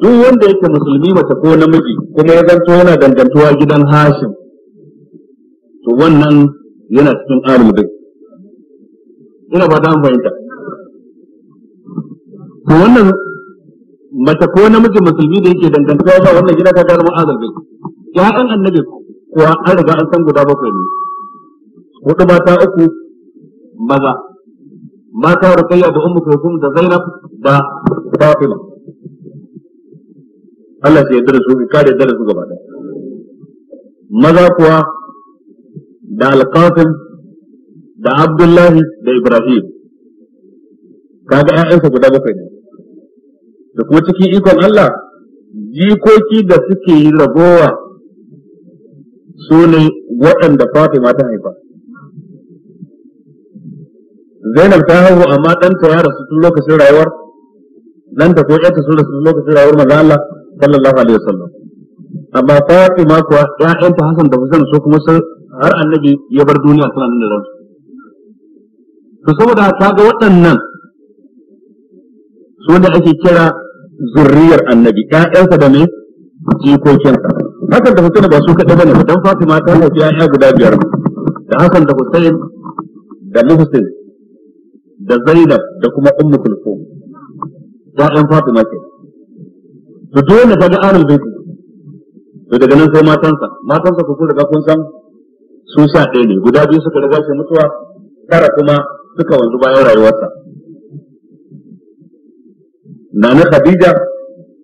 duk wanda yake musulmi mace ko namiji kuma ya zanto yana dangantuwa gidan hashim to wannan yana cikin alul ina ba an fahimta to wannan mace ko namiji musulmi da yake dangantuwa ba wannan gida ta gano ma'azal bai ya'an annabi kuwa an riga an san guda bakwai ne hudu mata uku maza mata rukayya da ummu kulsum da zainab da fatima Allah ya dare su ka yarda dare su gaba daya maza kuwa da alqasim da abdullahi da ibrahim kaga ƴaƴansa guda bakwai ne da kuma cikin ikon Allah jikoki da suke yi ragowa su ne waɗanda Fatima ta haifa Zainab ta hauwa amma ɗanta ya rasu tun lokacin rayuwar ɗanta ko ƴarta sun rasu tun lokacin rayuwar manzo Allah sallallahu alaihi wasallam amma Fatima kuwa ƴaƴanta Hassan da Hussein su kuma sun har annabi ya bar duniya suna nan da ransu to saboda ta ga waɗannan su ne ake kira zurriyar annabi ƴaƴansa da me jikokinsa Hakan da Hussein ba su kaɗai don Fati Fatima ta haifi ƴaƴa guda biyar da Hassan da Hussein da Muhsin da Zainab da kuma Ummu Kulthum ƴaƴan Fatima ke to dole ba da Ahlul Bait to daga nan sai matansa matansa ku kun riga kun san su sha ɗaya ne guda biyu suka riga shi mutuwa tara kuma suka wanzu bayan rayuwarsa Nana Khadija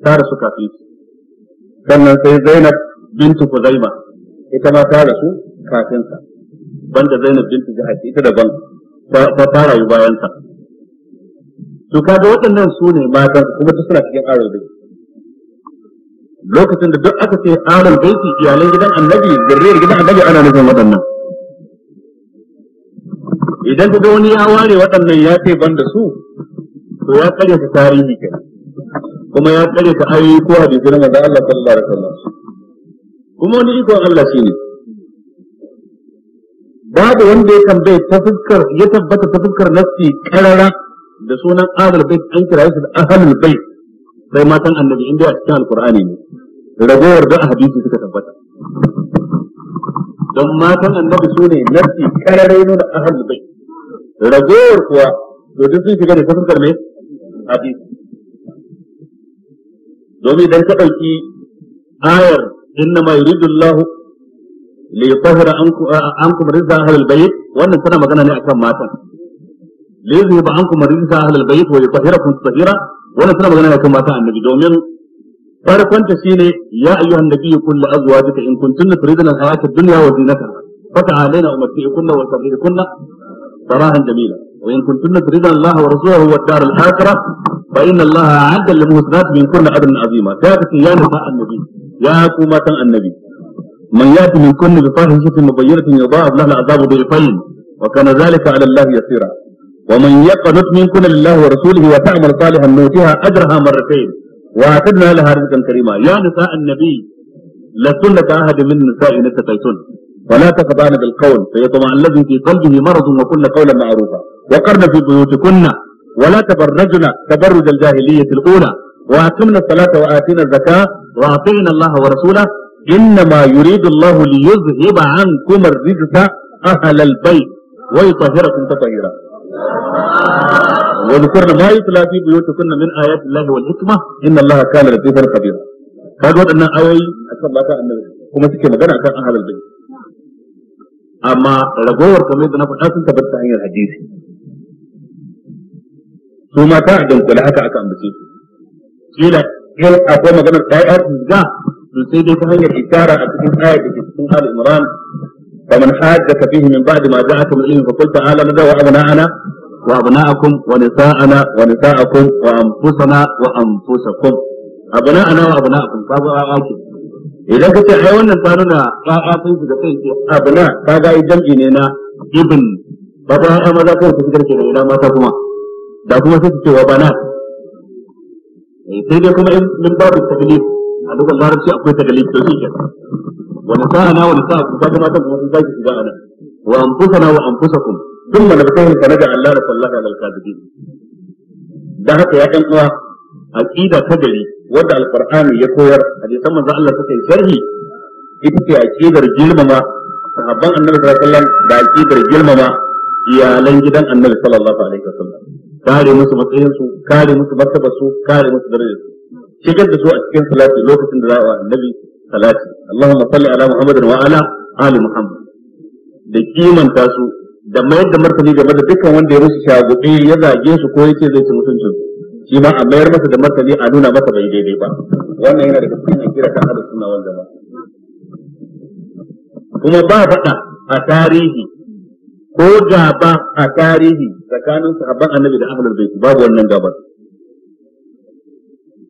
ta rasu kafin sannan sai Zainab bintu Kuzaima ita ma ta su kafin sa banda Zainab bintu Jahash ita daban ta fara yi bayan sa to kaga waɗannan su ne matan kuma ta suna cikin aron baiti lokacin da duk aka ce aron baiti iyalai, gidan annabi zurriyar gidan annabi ana nufin waɗannan idan ka ga wani ya ware waɗannan ya ce ban da su to ya kare ta tarihi kenan kuma ya kare ta ayoyi ko hadisi na Allah sallallahu alaihi wasallam kuma wani iko Allah shi ne babu wanda ya tambaye ta fuskar ya tabbata ta fuskar nafsi karara da sunan ahlul bait an kira shi da ahlul bait sai matan annabi inda a cikin alqur'ani ne ragowar da hadisi suka tabbata don matan annabi su ne nafsi karara ne da ahlul bait ragowar kuwa to duk sun shiga da ta fuskar ne hadisi domin idan ka ɗauki ayar إنما يريد الله ليطهر عنكم رزق أهل البيت وأن سنة ما نعكم ماتا ليذهب عنكم رزق أهل البيت ويطهركم تطهيرا وأن سنة ما نعكم ماتا أن نجدوا من فارق وانت يا أيها النبي كل أزواجك إن كنتن تريدن الحياة الدنيا وزينتها فتعالينا أمتئكن كنا صراحا جميلا وإن كنتن تريدن الله ورسوله والدار الآخرة فإن الله أعد للمحسنات من كل أدنى عظيمة. كافة يا نساء النبي يا ku matan annabi man yati min kunni مبينة يضاعف mubayyinatin العذاب lahu وكان ذلك على الله يسيرا ومن Allah yasira منكن لله ورسوله وتعمل صالحا نؤتها اجرها مرتين واعتدنا لها رزقا كريما يا نساء النبي لسنة أحد من نساء نتقيتن ولا تقضان بالقول فيطمع الذي في قلبه مرض وكن قولا معروفا وقرن في بيوتكن ولا تبرجن تبرج الجاهليه الاولى واقمنا الصلاه واتينا الزكاه واطعنا الله ورسوله انما يريد الله ليذهب عنكم الرجس اهل البيت ويطهركم تطهيرا. وذكرنا ما يتلى في بيوتكن من ايات الله والحكمه ان الله كان لطيفا خبيرا. هذا ان اي اكثر لك ان كما تكلم انا كان اهل البيت. اما رغور كما يدنا في حسن تبت عين الحديث. ثم تعجن كلها بسيطه. kila in akwai maganar ɗaya za to sai dai ta hanyar isara a cikin ayat da ke cikin al imran فمن حاجك فيه من بعد ما جاءك من Wa فقل تعالى ندعو أبناءنا وأبناءكم ونساءنا ونساءكم وأنفسنا وأنفسكم أبناءنا وأبناءكم بابا آكل idan ka ai wannan ta nuna ƴaƴa sun shiga kai ce abna ta ga jam'i ne na ibn ba ta maza su shigar da ina mata kuma da kuma sai ce wa bana. Eh, sai dai kuma in babu taglif a dukkan larabci akwai taglif to shi kenan wani sa'ana wani sa'a ku kaga matan kuma sun zaki shiga ana wa anfusana wa anfusakum thumma nabtahil fa naja Allah la sallaha alal kadibin da haka ya kan uwa aqida ta gari wanda alqur'ani ya koyar hadisan manzo Allah suka yi sharhi ita ce aqidar girmama sahabban annabi sallallahu alaihi wasallam da aqidar girmama iyalan gidan annabi sallallahu alaihi wasallam kare musu matsayin su kare musu martaba su kare musu darajarsu, su shigar da su a cikin salati lokacin da za a annabi salati Allahumma salli ala Muhammad wa ala ali Muhammad da kimanta su da mayar da martani game da dukkan wanda ya musu shagube ya zage su ko yace zai ci mutuncin shi ma a mayar masa da martani a nuna masa bai daidai ba wannan yana daga cikin kira kan hada sunna wanda kuma ba faɗa a tarihi ko gaba a tarihi tsakanin sahabban annabi da ahlul bayt babu wannan gabar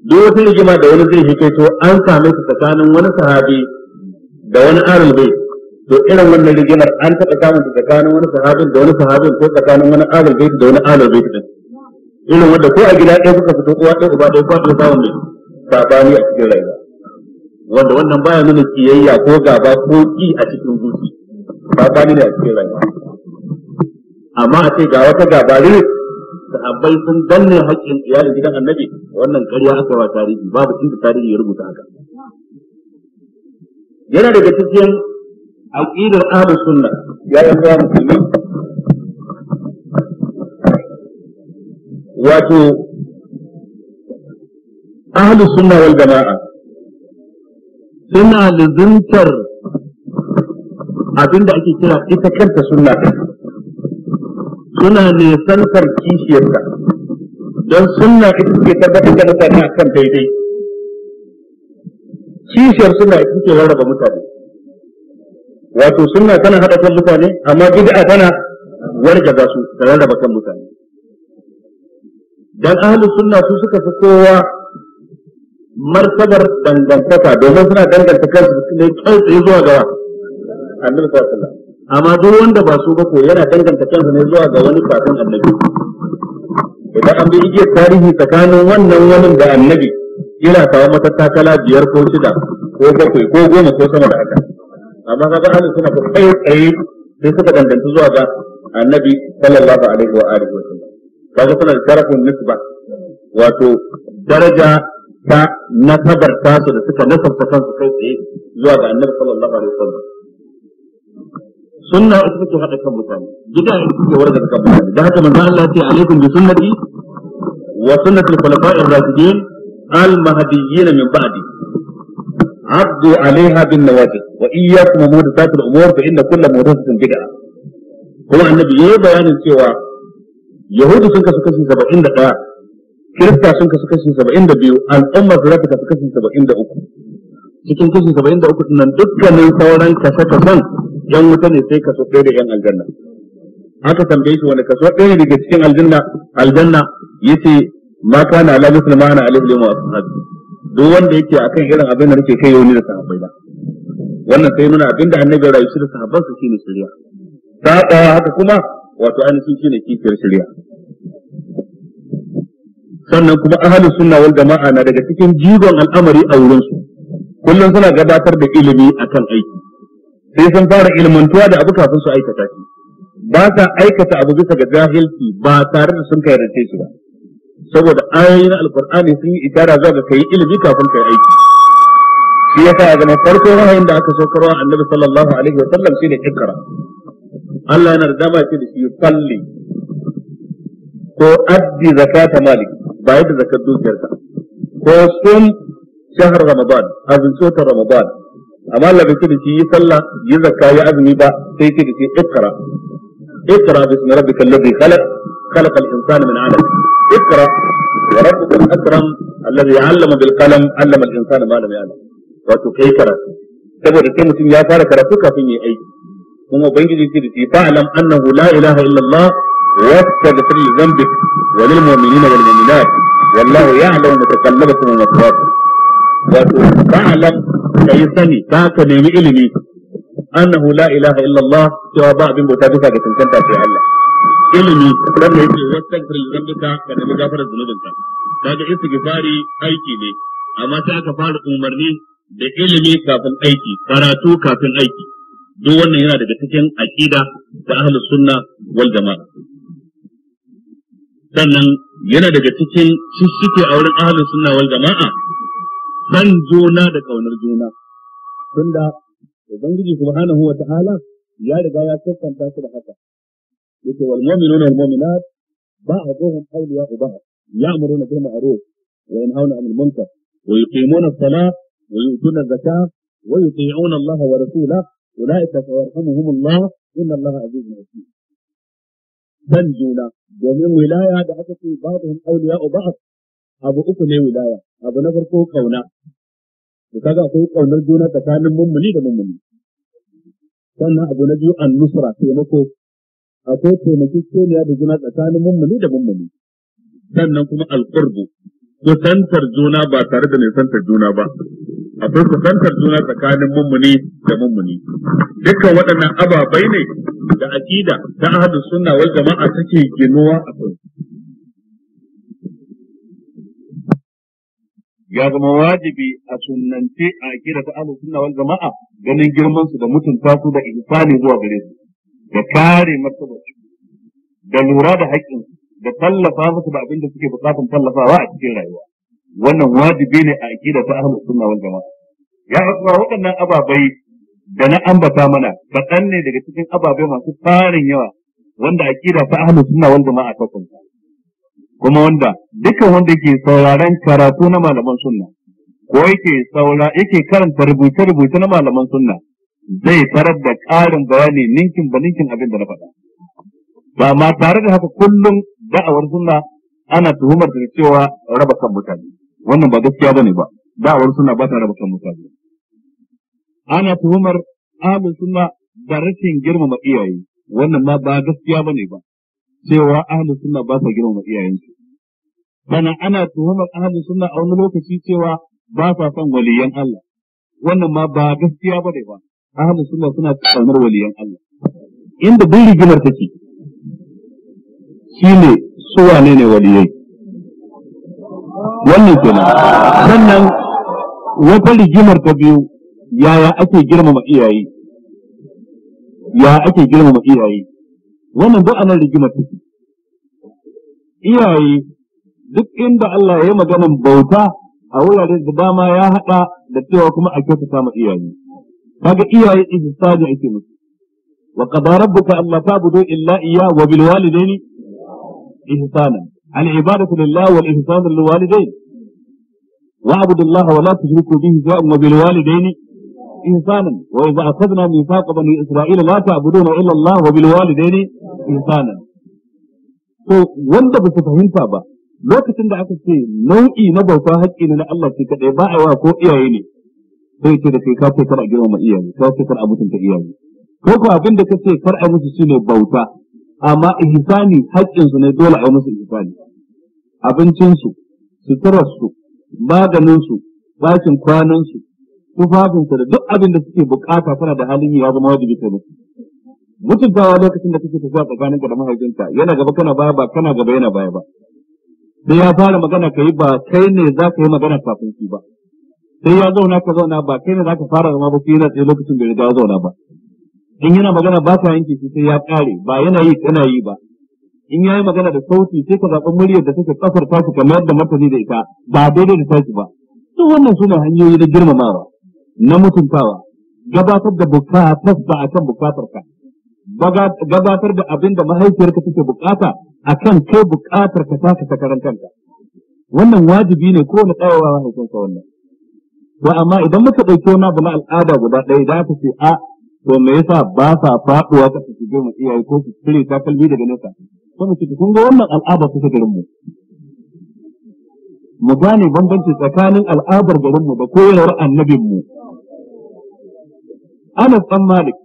duk wata hikima da wani zai hike to an same ta tsakanin wani sahabi da wani ahlul bayt to irin wannan rigimar an taɓa samun ta tsakanin wani sahabin da wani sahabin ko tsakanin wani ahlul bayt da wani ahlul bayt din irin wanda ko a gida ɗaya suka fito uwa ɗaya uba ɗaya ko ɗaya samun ne sabani a cikin rayuwa wanda wannan baya nuna kiyayya ko gaba ko ki a cikin zuci sabani ne a cikin rayuwa amma a ce ga wata gabarin sahabbai sun danne haƙƙin iyalin gidan annabi wannan ƙarya aka wa tarihi babu inda tarihi ya rubuta haka yana daga cikin aqidar ahlus sunna ya yi zuwa musulmi wato ahlus sunna wal jama'a suna zuntar abinda ake kira ita kanta sunna suna nisantar kishiyarsa don suna ita ce tabbatar da mutane kan daidai kishiyar suna ita ce rarraba mutane wato suna tana haɗa kan mutane amma bid'a tana wargaza su da rarraba kan mutane dan ahlu sunna su suka fi kowa martabar dangantaka domin suna danganta kansu ne kai tsaye zuwa ga annabi sallallahu alaihi wasallam amma duk wanda ba su ba ko yana danganta kansa ne zuwa ga wani kafin annabi idan an bi igiyar tarihi tsakanin wannan wani da annabi yana kawo mata takala biyar ko shida ko bakwai ko goma ko sama da haka amma ga ahlus suna ko kai tsaye sai suka danganta zuwa ga annabi sallallahu alaihi wa alihi wa sallam kaga suna da tarafin nisba wato daraja ta nasabar tasu da suka nasabta kansu kai tsaye zuwa ga annabi sallallahu alaihi wa sallam sunna ita take hada kan mutane bid'a ita take warga kan mutane da haka manzo Allah ya ce alaikum bi sunnati wa sunnati al-khulafa'ir rashidin al-mahdiyyin min ba'di عضوا عليها بالنواجذ واياكم ومحدثات الامور فان كل محدثه بدعه kuma annabi yayi bayanin cewa Yahudi sun kasu kashi 71 kirista sun kasu kashi 72 al'umma su zaka kasu kashi 73 cikin kashi 73 din nan dukkanin sauran kasa kasan yan wuta ne sai kaso ɗaya da yan aljanna aka tambaye shi wani kaso ɗaya daga cikin aljanna aljanna yace ma kana ala muslim ana alaihi limu ashabi duk wanda yake akan irin abin da nake kai yau ni da sahabbai ba wannan sai nuna abinda annabi ya rayu shi da sahabban su shine shari'a sabawa haka kuma wato ainihin shine kifiyar shari'a sannan kuma ahlus sunna wal jama'a na daga cikin jigon al'amari a wurin su kullum suna gabatar da ilimi akan aiki sai sun fara ilmantuwa da abu kafin su aikata shi ba sa aikata abu bisa ga jahilci ba tare da sun kayarce shi ba saboda ayoyin alkur'ani sun yi ikara zuwa ga kai ilimi kafin kai aiki shi yasa ya zama farko ra'ayin da aka saukarwa annabi sallallahu alaihi wa sallam shine ikra Allah yana da dama ce da shi salli ko addi zakata malik bayan da zakat dukiyarka ko sun shahar ramadan azunciyar ramadan amma Allah bai kudu ki yi sallah yi zakka yi azumi ba sai ki da ki ikra ikra خلق الانسان من علم اقرا وربك الاكرم الذي علم بالقلم علم الانسان ما لم يعلم وتو كي كرا تبو دكي متين يا فارا كرا تو كافين اي هم بنجي دي دي فاعلم انه لا اله الا الله واستغفر لذنبك وللمؤمنين والمؤمنات والله يعلم متقلبكم ومثواكم وتو فاعلم ka yi sani ka ka nemi ilimi annahu la ilaha illallah cewa ba abin bauta duka ga cancanta sai Allah ilimi dan da yake wastaghfir li duka ka nemi gafarar zunubinka kaga istighfari aiki ne amma sai aka fara umarni da ilimi kafin aiki karatu kafin aiki duk wannan yana daga cikin aqida da ahlus sunna wal jama'a sannan yana daga cikin shishike a wurin ahlus sunna wal jama'a san juna da kaunar juna tunda ubangiji subhanahu wa ta'ala ya riga ya tantance su da haka yake wal mu'minuna wal mu'minat ba'dhum awliya'u ba'd ya'muruna bil ma'ruf wa yanhauna 'anil munkar wa yuqimuna as-salata wa yu'tuna az-zakata wa yuti'una Allah wa rasulahu ulaika sayarhamuhum Allah inna Allah 'azizun hakim san juna domin wilaya da aka ce ba'dhum awliya'u ba'd abu uku ne wilaya abu na farko kauna to kaga akwai kaunar juna tsakanin mummuni da mummuni sannan abu na biyu an nusra taimako akwai taimakekeniya da juna tsakanin mummuni da mummuni sannan kuma alqurbu kusantar juna ba tare da nisantar juna ba akwai kusantar juna tsakanin mummuni da mummuni dukkan waɗannan ababai ne da aƙida ta ahadu sunna wal jama'a take ginuwa a kai ya zama wajibi a sunnance a akida ta ahlus sunna wal jama'a ganin girman su da mutunta su da ihsani zuwa gare su da kare martabar da lura da haƙƙin da tallafa musu da abin da suke buƙatar tallafawa a cikin rayuwa wannan wajibi ne a akida ta ahlus sunna wal jama'a ya asma waɗannan ababai da na ambata mana kaɗan ne daga cikin ababai masu tsarin yawa wanda akida ta ahlus sunna wal jama'a ta kunta kuma wanda dukkan wanda ke sauraron karatu na malaman sunna ko yake saura yake karanta rubuce-rubuce na malaman sunna zai tarar da ƙarin bayani ninkin ba ninkin abin da na faɗa ba ma tare da haka kullum da'awar sunna ana tuhumar da cewa raba kan mutane wannan ba gaskiya bane ba da'awar sunna ba ta raba kan mutane ana tuhumar ahlus sunna da rashin girmama iyaye wannan ma ba gaskiya bane ba cewa ahlus sunna ba sa girmama iyayensu sannan ana tuhumar ahlus sunna a wani lokaci cewa ba sa son waliyan Allah wannan ma ba gaskiya ba ne ba ahlus sunna suna kaunar waliyan Allah inda duk rigimar take shine su wane ne waliyai wannan kenan sannan wata rigimar ta biyu yaya ake girmama iyaye ya ake girmama iyaye wannan duk anan rigima take iyaye duk inda Allah ya yi maganan bauta a wurare da dama ya haɗa da cewa kuma a kyautata ma iyaye kaga iyaye ihsani ake musu wa qada rabbuka ta ta'budu illa iyya wa bil walidayni ihsana al ibadatu lillah wal ihsanu lil walidayn wa abudu Allah wa la tushriku bihi shay'an wa bil walidayni إنسانا وإذا أخذنا ميثاق بني إسرائيل لا تعبدون إلا الله وبالوالدين إنسانا to wanda ba su fahimta ba lokacin da aka ce nau'i na bauta haƙƙi ne na Allah ce kaɗai ba a wa ko iyaye ne sai ce da kai ka ce kar a girmama iyaye ka ce kar a mutunta iyaye ko ko abin da ka ce kar a musu shine bauta amma ihsani haƙƙin su ne dole a yi musu ihsani abincin su suturar su maganin su ɗakin kwanan su tufafinsa da duk abin da suke bukata tana da halin ya zama wajibi ta musu mutuntawa lokacin da kake tafiya tsakaninka da mahaifinka yana gaba kana baya ba kana gaba yana baya ba sai ya fara magana ka yi ba kai ne za ka yi magana kafin shi ba sai ya zauna ka zauna ba kai ne za ka fara zama ba yana tsaye lokacin da ya zauna ba in yana magana ba ka yanke shi sai ya kare ba yana yi kana yi ba in ya yi magana da sauti sai ka zaɓi muryar da take kafar tashi kamar da martani da ita ba daidai da tashi ba duk wannan suna hanyoyi na girmamawa na mutuntawa gabatar da bukatar ba a kan bukatar ka gabatar da abin da mahaifiyar ka take bukata kan kai bukatar ka ta ta karan kanka wannan wajibi ne ko na tsayawa ka wannan to amma idan muka ɗauki na abu na al'ada guda ɗaya za ta ce a to me yasa ba sa faɗuwa ka su je mu iyaye ko su cire takalmi daga nesa kuma ce kun ga wannan al'ada ta garin mu mu gane bambanci tsakanin al'adar garin mu da koyarwar annabin mu Anas dan Malik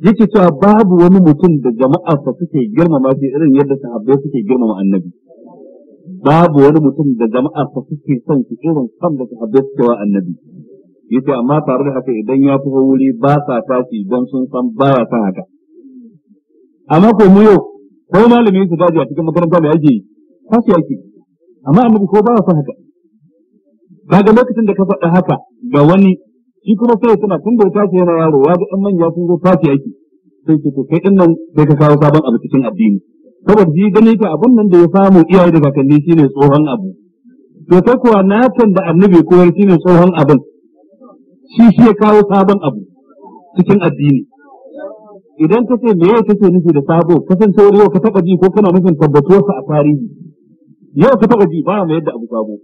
yake cewa babu wani mutum da jama'arsa suke girmama shi irin yadda sahabbai suke girmama annabi babu wani mutum da jama'arsa suke son shi irin kan da sahabbai suke wa annabi yace amma tare da haka idan ya fi wuri ba sa tashi don sun san baya san haka amma ko mu yau ko malamin su daji a cikin makaranta mai aji, ta su aiki. amma annabi ko baya san haka kaga lokacin da ka faɗa haka ga wani shi kuma sai suna tun da ta ce yana yaro ya ga manya sun zo ce yake sai ce to kai din nan sai ka kawo sabon abu cikin addini saboda shi gani ka abun nan da ya samu iyaye da shi shine tsohon abu to sai kuwa yakan da annabi koyar shine tsohon abun. shi shi ya kawo sabon abu cikin addini idan ka ce meye kake nufi da sabo kasancewar yau ka taɓa ji ko kana nufin tabbatuwarsa a tarihi yau ka taɓa ji ba mai yadda abu sabo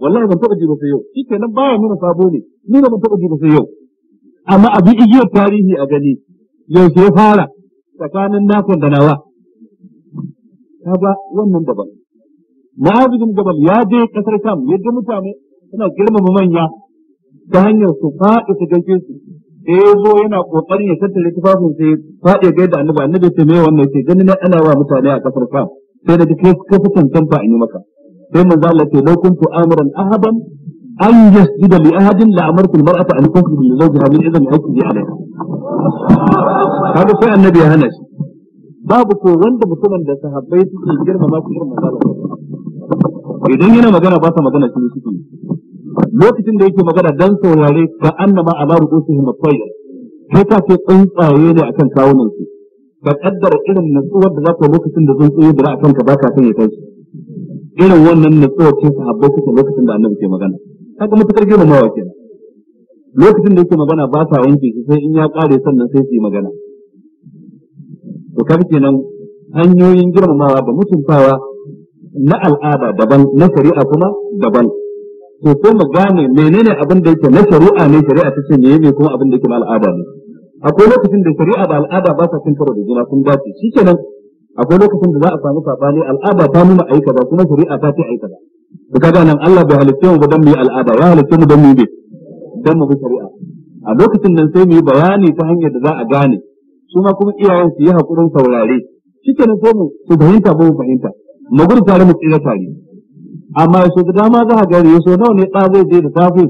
wallahi ban taɓa ji ba sai yau shikenan baya nuna sabo ne ni ban taɓa ji ba sai yau amma abin igiyar tarihi a gani yau sai fara tsakanin nakon da nawa kaga wannan daban ma'azu bin jabal ya je kasar kam ya mutane suna girmama manya ta hanyar su faɗi su gaishe su da ya zo yana ƙoƙarin ya tattare tufafin sai faɗi ya gaida annabi annabi ta me wannan ce ganin ana wa mutane a kasar kam sai da duk kai ka fi in yi maka sai manzo Allah ce law kuntu amiran ahaban an yasjuda li ahadin la amartu al-mar'ata an tasjuda li zawjiha min idhan hukmi alayha kaga sai annabi ya hana shi babu ko wanda mutumin da sahabbai suke girmama ku girmama idan yana magana ba sa magana shi suke lokacin da yake magana dan saurare ka annama ala ru'usihim at-tayr kai ka ce tsuntsaye ne akan kawunan su ka kaddara irin natsuwar da za ka lokacin da tsuntsaye da akan ka baka san ya kai irin wannan natsuwar cin sahabbai suke lokacin da annabi ke magana kaga mutakar girmamawa kenan lokacin da yake magana ba sa wanke shi sai in ya kare sannan sai su yi magana to kaga kenan hanyoyin girmamawa da mutuntawa na al'ada daban na shari'a kuma daban to ko mu gane menene abin da yake na shari'a ne shari'a ta ce meye ne kuma abin da yake na al'ada ne akwai lokacin da shari'a da al'ada ba sa cin karo da juna sun dace kenan akwai lokacin da za a samu sabani al'ada ta nuna aika ba kuma shari'a ta ce aika ba. to kaga nan Allah bai halitta mu dan mu yi al'ada ya halicce mu dan mu yi dan mu bi shari'a a lokacin nan sai mu yi bayani ta hanyar da za a gane su ma kuma iyayen su yi hakurin saurare shike nan sai su fahimta ba mu fahimta mu gudu tare mu tsira tare amma yaso da dama za a gane yaso nawa ne ɗa zai je da safe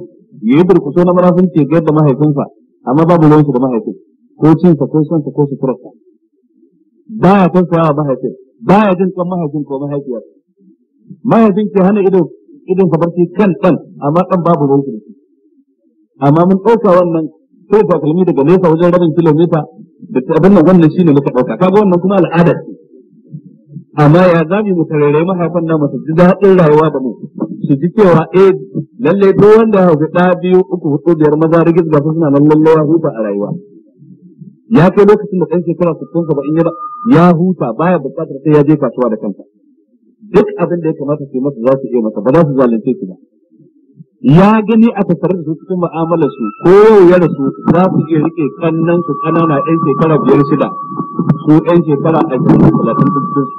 ya yi durkuso na marafin ce ga yadda mahaifinsa amma babu ruwansu da mahaifin ko cinsa ko sonsa ko suturarsa baya kwanta sayawa mahaifin baya jin kan mahaifin ko mahaifiyar mahaifin ke hana ido idan sa barci kan dan amma dan babu ruwan shi amma mun dauka wannan sai takalmi daga nesa wajen rabin kilomita da abin nan wannan shine muka dauka kaga wannan kuma al'ada ce amma ya zabi mu tarere mahaifan na mu ji dadin rayuwa da mu su ji cewa eh lalle duk wanda ya hauka ɗa biyu uku hudu biyar maza rigis ga suna nan lalle ya huta a rayuwa ya kai lokacin da ɗan shekara sittin saba'in ya ya huta baya buƙatar sai ya je kasuwa da kanta. duk abin da ya kamata su masa za su iya masa ba za su zalunce su ba ya gani a tattare da su cikin mu'amalar su ko yau ya rasu za su iya rike kannan su kanana ɗan shekara biyar shida su ɗan shekara a da talatin duk duk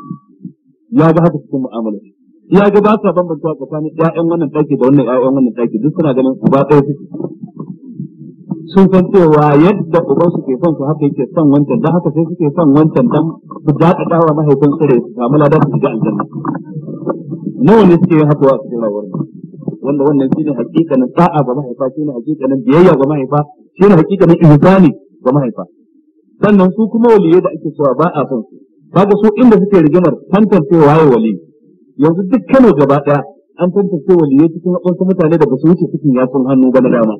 ya ga haka cikin mu'amalar su ya ga ba sa bambanta tsakanin ƴaƴan wannan ɗaki da wannan ƴaƴan wannan ɗaki duk suna ganin ba ɗaya suke sun san cewa yadda uban su ke son su haka yake son wancan dan haka sai suke son wancan dan su dakata wa mahaifin su rai samu ladan su ga aljanna nawa ne suke yin haka wa cikin wurin wanda wannan shine hakikanin sa'a ga mahaifa shine hakikanin biyayya ga mahaifa shine hakikanin ihsani ga mahaifa sannan su kuma waliyai da ake cewa ba a son su kaga su inda suke rigimar tantancewa ya wali yanzu duk Kano gaba daya an tantance waliyai cikin wasu mutane da ba su wuce cikin yafin hannu ba na dama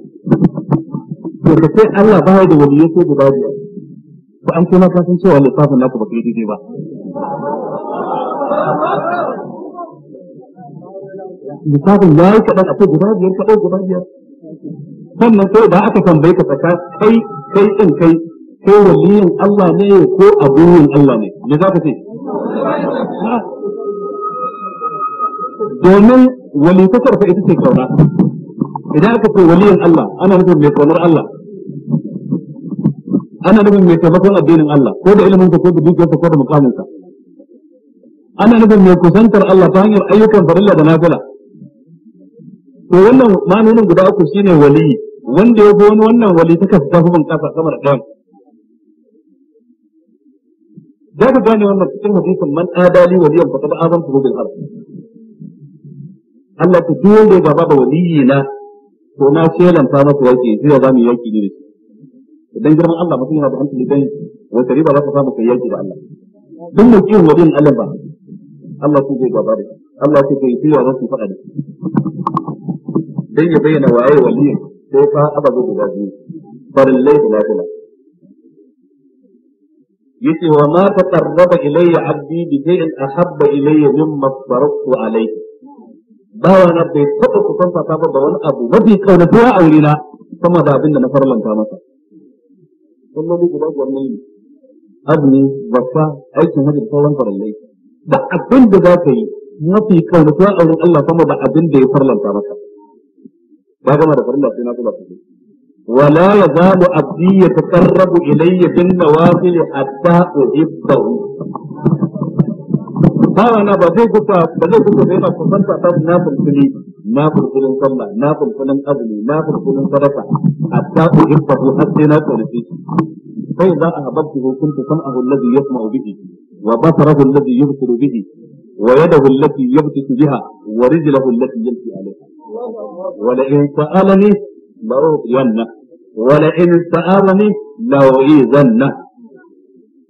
to ka ce Allah ba da waliyai sai guda biyar ko an kuma ka san cewa lissafin naku ba ku yi daidai ba lissafin ya yi kaɗan akwai guda biyar kaɗai guda biyar sannan sai da aka tambaye ka tsaka kai kai ɗin kai kai waliyin Allah ne ko abunin Allah ne me za ka ce domin walitakar fa ita ce kauna idan aka ce waliyin Allah ana nufin mai kaunar Allah ana nufin mai taimakon addinin Allah ko da ilimin ko da dukiyarsa ko da mukamin ana nufin mai kusantar Allah ta hanyar ayyukan farilla da nafila to wannan ma'anonin guda uku shine wali wanda ya wani wannan wali ta kasu ta hukun kasa sama da ɗayan Da ka gane wannan cikin hadisin man adali waliyan fa kada azam tu bil ard Allah ta duk wanda ya gaba da waliyina to na shelanta masa yake zai ya zamu yaki ne da shi dan girman Allah mutum yana da hankali dan wata riba za ka samu kai yaki da Allah duk mai kiwon wajen Allah ba Allah ku zai gaba da shi Allah ku zai tiya za su faɗa da shi dan ya bayyana waye waliyi sai fa ababe guda biyu farillai da lafiya yace wa ma taqarraba ilayya abdi bi shay'in ahabba ilayya mimma faratu alayhi bawa na bai taɓa kusanta ta ba da wani abu mafi kaunatuwa a wurina sama da abin da na farlanta masa والله بيجي بقى مني ابني بابا اي كان هذا الطلب ترى لي ده ابن ذاتي ما في كون سواء او الله ثم ده ابن ده يفر لك بابا بابا ما رفر الله فينا كل شيء ولا يزال عبدي يتقرب الي بالنوافل حتى احبه ها انا بدي كنت بدي كنت هنا كنت انا كنت انا na fulfulin sallah na fulfulin azumi na fulfulin sadaka hatta uhibbahu har sai na kaunace sai za a habbtu hukunta sam'ahu alladhi yasma'u bihi wa basarahu alladhi yubsiru bihi wa yadahu allati yabtisu biha wa rijluhu allati yamshi in in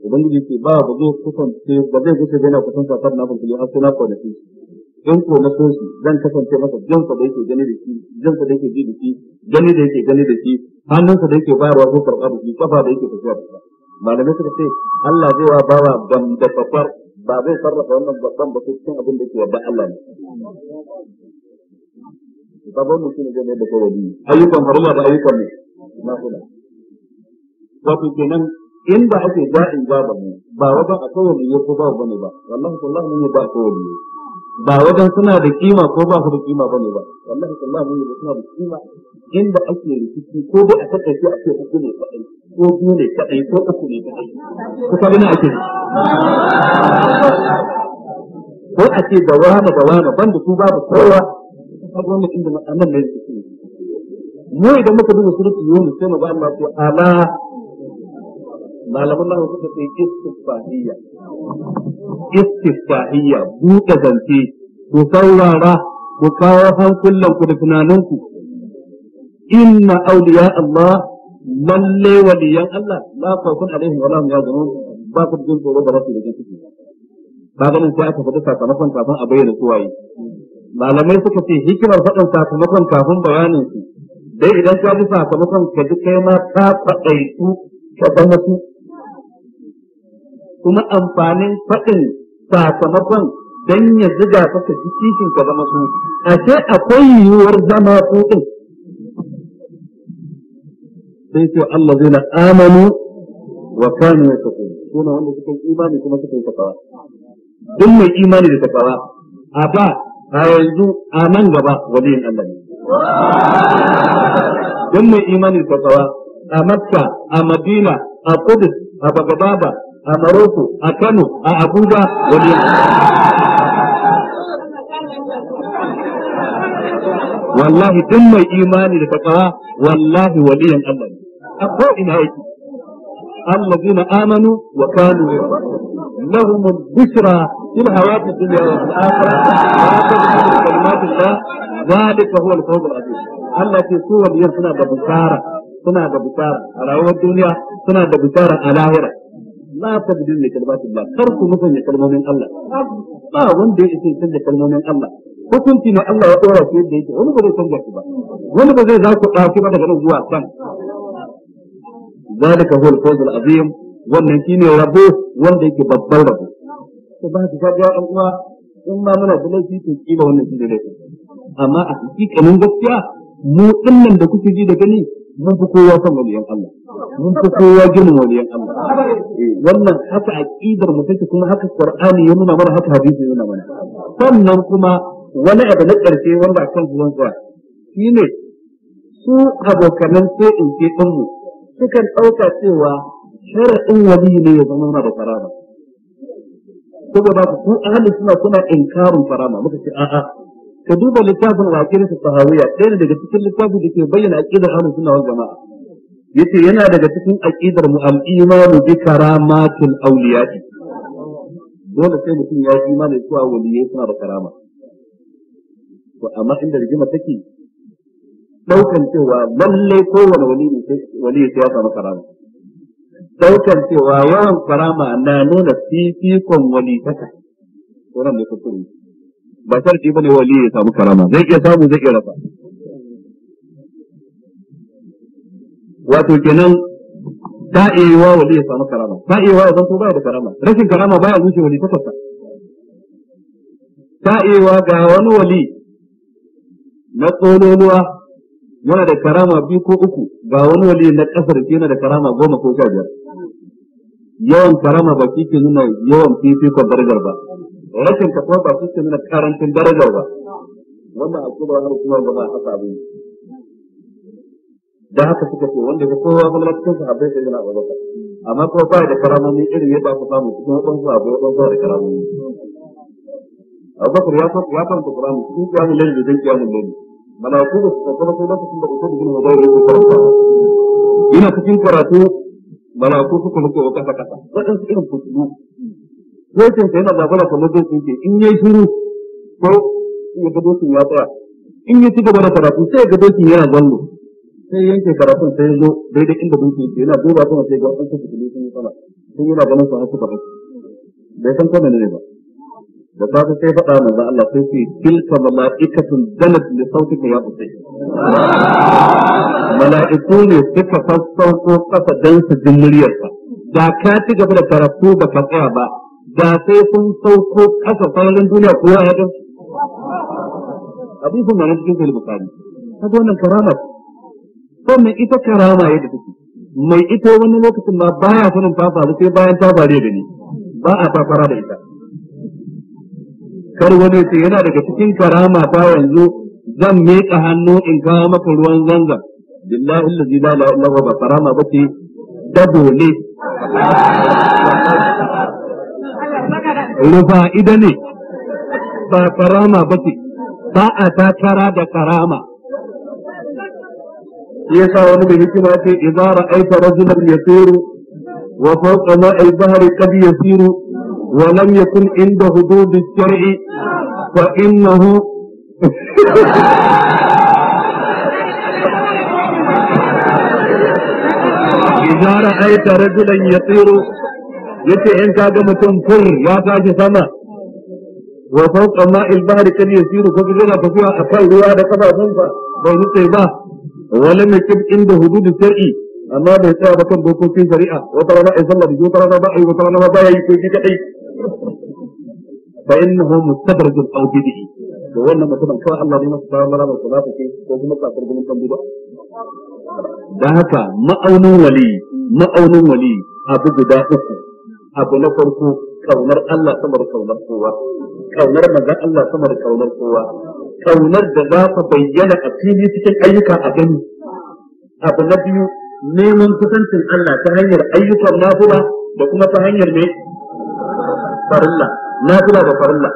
ubangiji ce ba ba zai ba zai kusa yana kusanta kar na fulfulin har suna na in ko na so shi zan kasance masa jin jinsa da yake gani da shi jin jinsa da yake ji da shi gani da yake gani da shi hannun hannunsa da yake bayarwa ko karɓa da shi kafa da yake tafiya da shi malamai suka ce Allah zai wa bawa ban da babbar ba zai sarrafa wannan babban ba cikin abin da ke yadda Allah ne babban mutum ne zai da kawai ayyukan haruma da ayyukan ne na kula wato kenan in ba ake ja'in ba ne ba wajen a kawai ne ko ba wani ba wallahi sallahu ne ba kawai ne ba wajen suna da kima ko ba su da kima ba ne ba wallahi sallah mun da suna da kima inda ake rikici ko dai a saka a ce uku ne kaɗai ko biyu ne kaɗai ko uku ne kaɗai ko sabon ake ko a ce da wani da wani banda su babu kowa sabon mutum na annan ne rikici mu idan muka duba surutu yunus sai mu ba Allah ko ala malaman Allah suka ce istifadiyya istifahiyya buɗe zance ku saurara ku kawo hankulan ku da tunaninku inna auliya Allah lalle waliyan Allah la khawfun alaihim wa lahum yahzanun ba ku jin tsoro da rasu da jin ciki ba ganin sai aka faɗi sakamakon kafin a bayyana su waye malamai suka ce hikimar faɗin sakamakon kafin bayanin su dai idan ka ji sakamakon ka ji kai ma ka faɗaitu ka zama su kuma amfanin faɗin sakamakon don ya ziga saka jikin ka zama su ce akwai yiwuwar zama su din sai ce Allah zai na amanu wa kanu ya tafi suna wanda suka yi imani kuma suka yi tafawa duk mai imani da tafawa a ba a yanzu a nan gaba waliyin Allah ne duk mai imani da tafawa a Makka a Madina a kudus, a bagababa a Maroko, a Kano, a Abuja, wani Wallahi duk mai imani da fatawa wallahi waliyan Allah ne. A ko'ina yake, Allah zina amanu wa kanu ya ba. Lahun bishira fil hawati dunya wa fil akhirah wa hakka bi kalimatillah zalika huwa al-fawz al-azim. Allah ke so waliyan suna da bukara, suna da bukara a rayuwar duniya, suna da bukara a lahira. la tabdil li kalmatillah kar ku musanya kalmomin Allah ba wanda ya isa canza kalmomin Allah hukunci ne Allah ya dora shi yadda yake wani ba zai canza shi ba wani ba zai za ku ɗauki ba daga nan zuwa can zalika huwa al-fawz al-azim wannan shine rabo wanda yake babban rabo to ba ka ga an uwa in ma muna da laifi to kila wannan laifi amma a hakikanin gaskiya mu dinnan da kuke ji da gani mun fi kowa son waliyan Allah mun fi kowa girman waliyan Allah eh, wannan haka aqidar mu take kuma haka Qur'ani ya nuna mana haka hadisi ya nuna mana sannan kuma wani abu na karshe wanda akan zuwan zuwa shine su abokanan sai in ce din mu sukan dauka cewa shar'in wali ne ya zama mana da farama, saboda ku ahli suna kuna inkarin farama muka ce a'a ka duba littafin aqidatu sahawiyya ɗaya daga cikin littafin da ke bayyana aqidar ahlus sunna wal jama'a yace yana daga cikin aƙidar mu al imanu bi karamatil awliya dole sai mutum ya yi imani cewa waliyai suna da karama to amma inda rigima take daukan cewa lallai kowane wali ne wali sai ya samu karama daukan cewa yawan karama na nuna fifikon wali taka wannan ne kuskure ba ba bane wali ya samu karama zai iya samu zai iya rasa wato kenan ta iya yiwa wali ya samu karama ta iya yiwa zan so baya da karama rashin karama baya rushe wali ta fasa ta iya yiwa ga wani wali na tsololuwa yana da karama biyu ko uku ga wani wali na kasar yana da karama goma ko sha biyar yawan karama ba shi ke nuna yawan fifikon darajar ba rashin ka kuma ba su ke nuna karancin darajar ba wannan a kuma har kuma ba a haka abin da haka suka ce wanda ya kowa kuma cikin sahabbai sai yana bazaka amma kuma ba da karamomi irin ya ba ku samu cikin wadansu abu wadansu da karamomi Abubakar ya fara ya fara Qur'ani cikin kiyamun lalle da zai kiyamun lalle malaiku da suka kuma sai lokacin da usul bin hudayr ya karanta yana cikin karatu mana malaiku suka muke wa kasa kasa wadansu irin fitinu dokin sa yana zabara kamar dokin ke in yayi shiru ko ya ga dokin ya tsaya in ya ci da karatu sai ga dokin yana gwallo sai yanke karatun sai ya zo daidai inda dokin ke yana duba kuma sai ga an kasu kudi sun yi tsala sai yana ganin su har suka rasu bai san kwana ne ba da safe sai faɗa manzo Allah sai ce tilka mala'ikatun danat li sautika ya usay mala'iku ne suka sassauko kasa dan su jin muryarsa da ka ci gaba da karatu ba ka tsaya ba da sai kun sauko kasa sauran duniya kowa ya gan abubuwan nan cikin sahih bukhari kaga wannan karama sannan ita karama ya da take mai ita wani lokacin ma baya sanin ta faru sai bayan ta faru da ni ba a fafara da ita kar wani sai yana daga cikin karama ta yanzu zan miƙa hannu in kawo maka ruwan zanga billahi allazi la ilaha illa huwa karama bace dabo ne لبا إدني با كرامة بكي با أتاكرا دا كرامة يسا ونبي هكماتي إذا رأيت رجلا يسير وفوق ماء البهر قد يسير ولم يكن عند حدود الشرع فإنه إذا رأيت رجلا يطير yace in ka ga mutum kai ya tashi sama wa fawqa ma'il bahri kad yasiru fa yana tafiya akan ruwa da kafafunsa bai nutse ba wa lam yakib inda hudud shar'i amma bai tsaya ba kan dokokin shari'a wata rana ai sallah biyu wata rana ba ai wata rana ba yayi ko shi kadai fa innahu mustadrajun aw bid'i to wannan mutumin ko Allah ne masa ba da salata ce ko kuma ka kafir mun tambu ba? Da haka ma'aunin wali ma'aunin wali abu guda uku abu na farko kaunar Allah sama da kaunar kowa kaunar manzon Allah sama da kaunar kowa kaunar da za ta bayyana a fili cikin ayyuka a gani abu na biyu neman kusancin Allah ta hanyar ayyukan nafila da kuma ta hanyar ne farilla nafila da farilla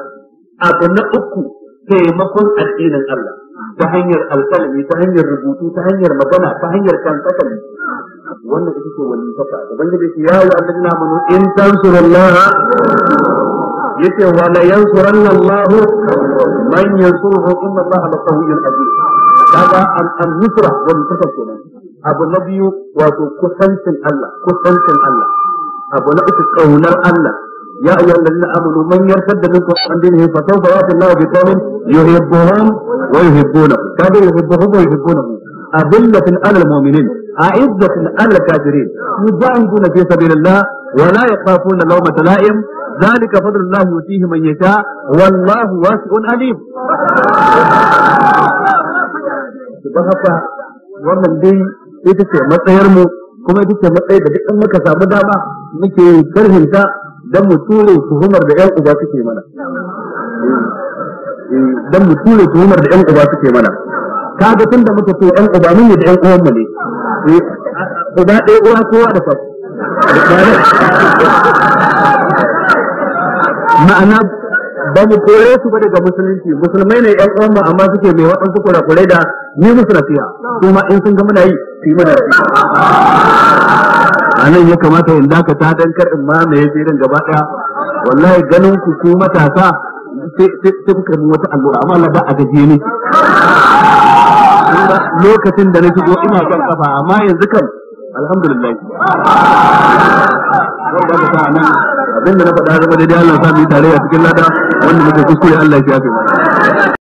abu na uku taimakon addinin Allah ta hanyar alƙalami ta hanyar rubutu ta hanyar magana ta hanyar kantakali wannan ita ce wani fata ubangiji ce ya wa allazina amanu in tansurullah yace wa la yansuranna man yansuruhu inna allah la aziz kaga an an nusra wani fata kenan abu na biyu wato kusancin Allah kusancin Allah abu na uku kaunar Allah يا أيها الذين آمنوا من يرتد منكم عن دينه فسوف يأتي الله بقوم يحبهم ويحبونه كانوا يحبهم ويحبونه أذلة على المؤمنين أعزة على الكافرين يجاهدون في سبيل الله ولا يخافون لومة لائم ذلك فضل الله يؤتيه من يشاء والله واسع أليم wannan dai ita ce matsayar mu kuma ita ce matsayi da duk muka samu dama muke karhinta don mu ture tuhumar da 'yan uba suke mana eh, don mu ture tuhumar da 'yan uba suke mana kaga tunda muka so 'yan uba mun ne da 'yan uwan ne uba ɗaya uwa kowa da fasu ma'ana ba mu kore su ba daga musulunci musulmai ne ƴan uwan amma suke mai waɗansu kurai da ni musu nasiha kuma in sun ga muna yi su yi mana a nan ya kamata in dakata dan kar in ma mai filin gaba ɗaya wallahi ganin ku ku matasa sai kuka wata allura amma Allah ba a gajiye ne lokacin da na shigo ina kan kafa amma yanzu kan alhamdulillah abinda abin da na faɗa zama daidai Allah sami tare a cikin lada wanda muke kuskure Allah ya fi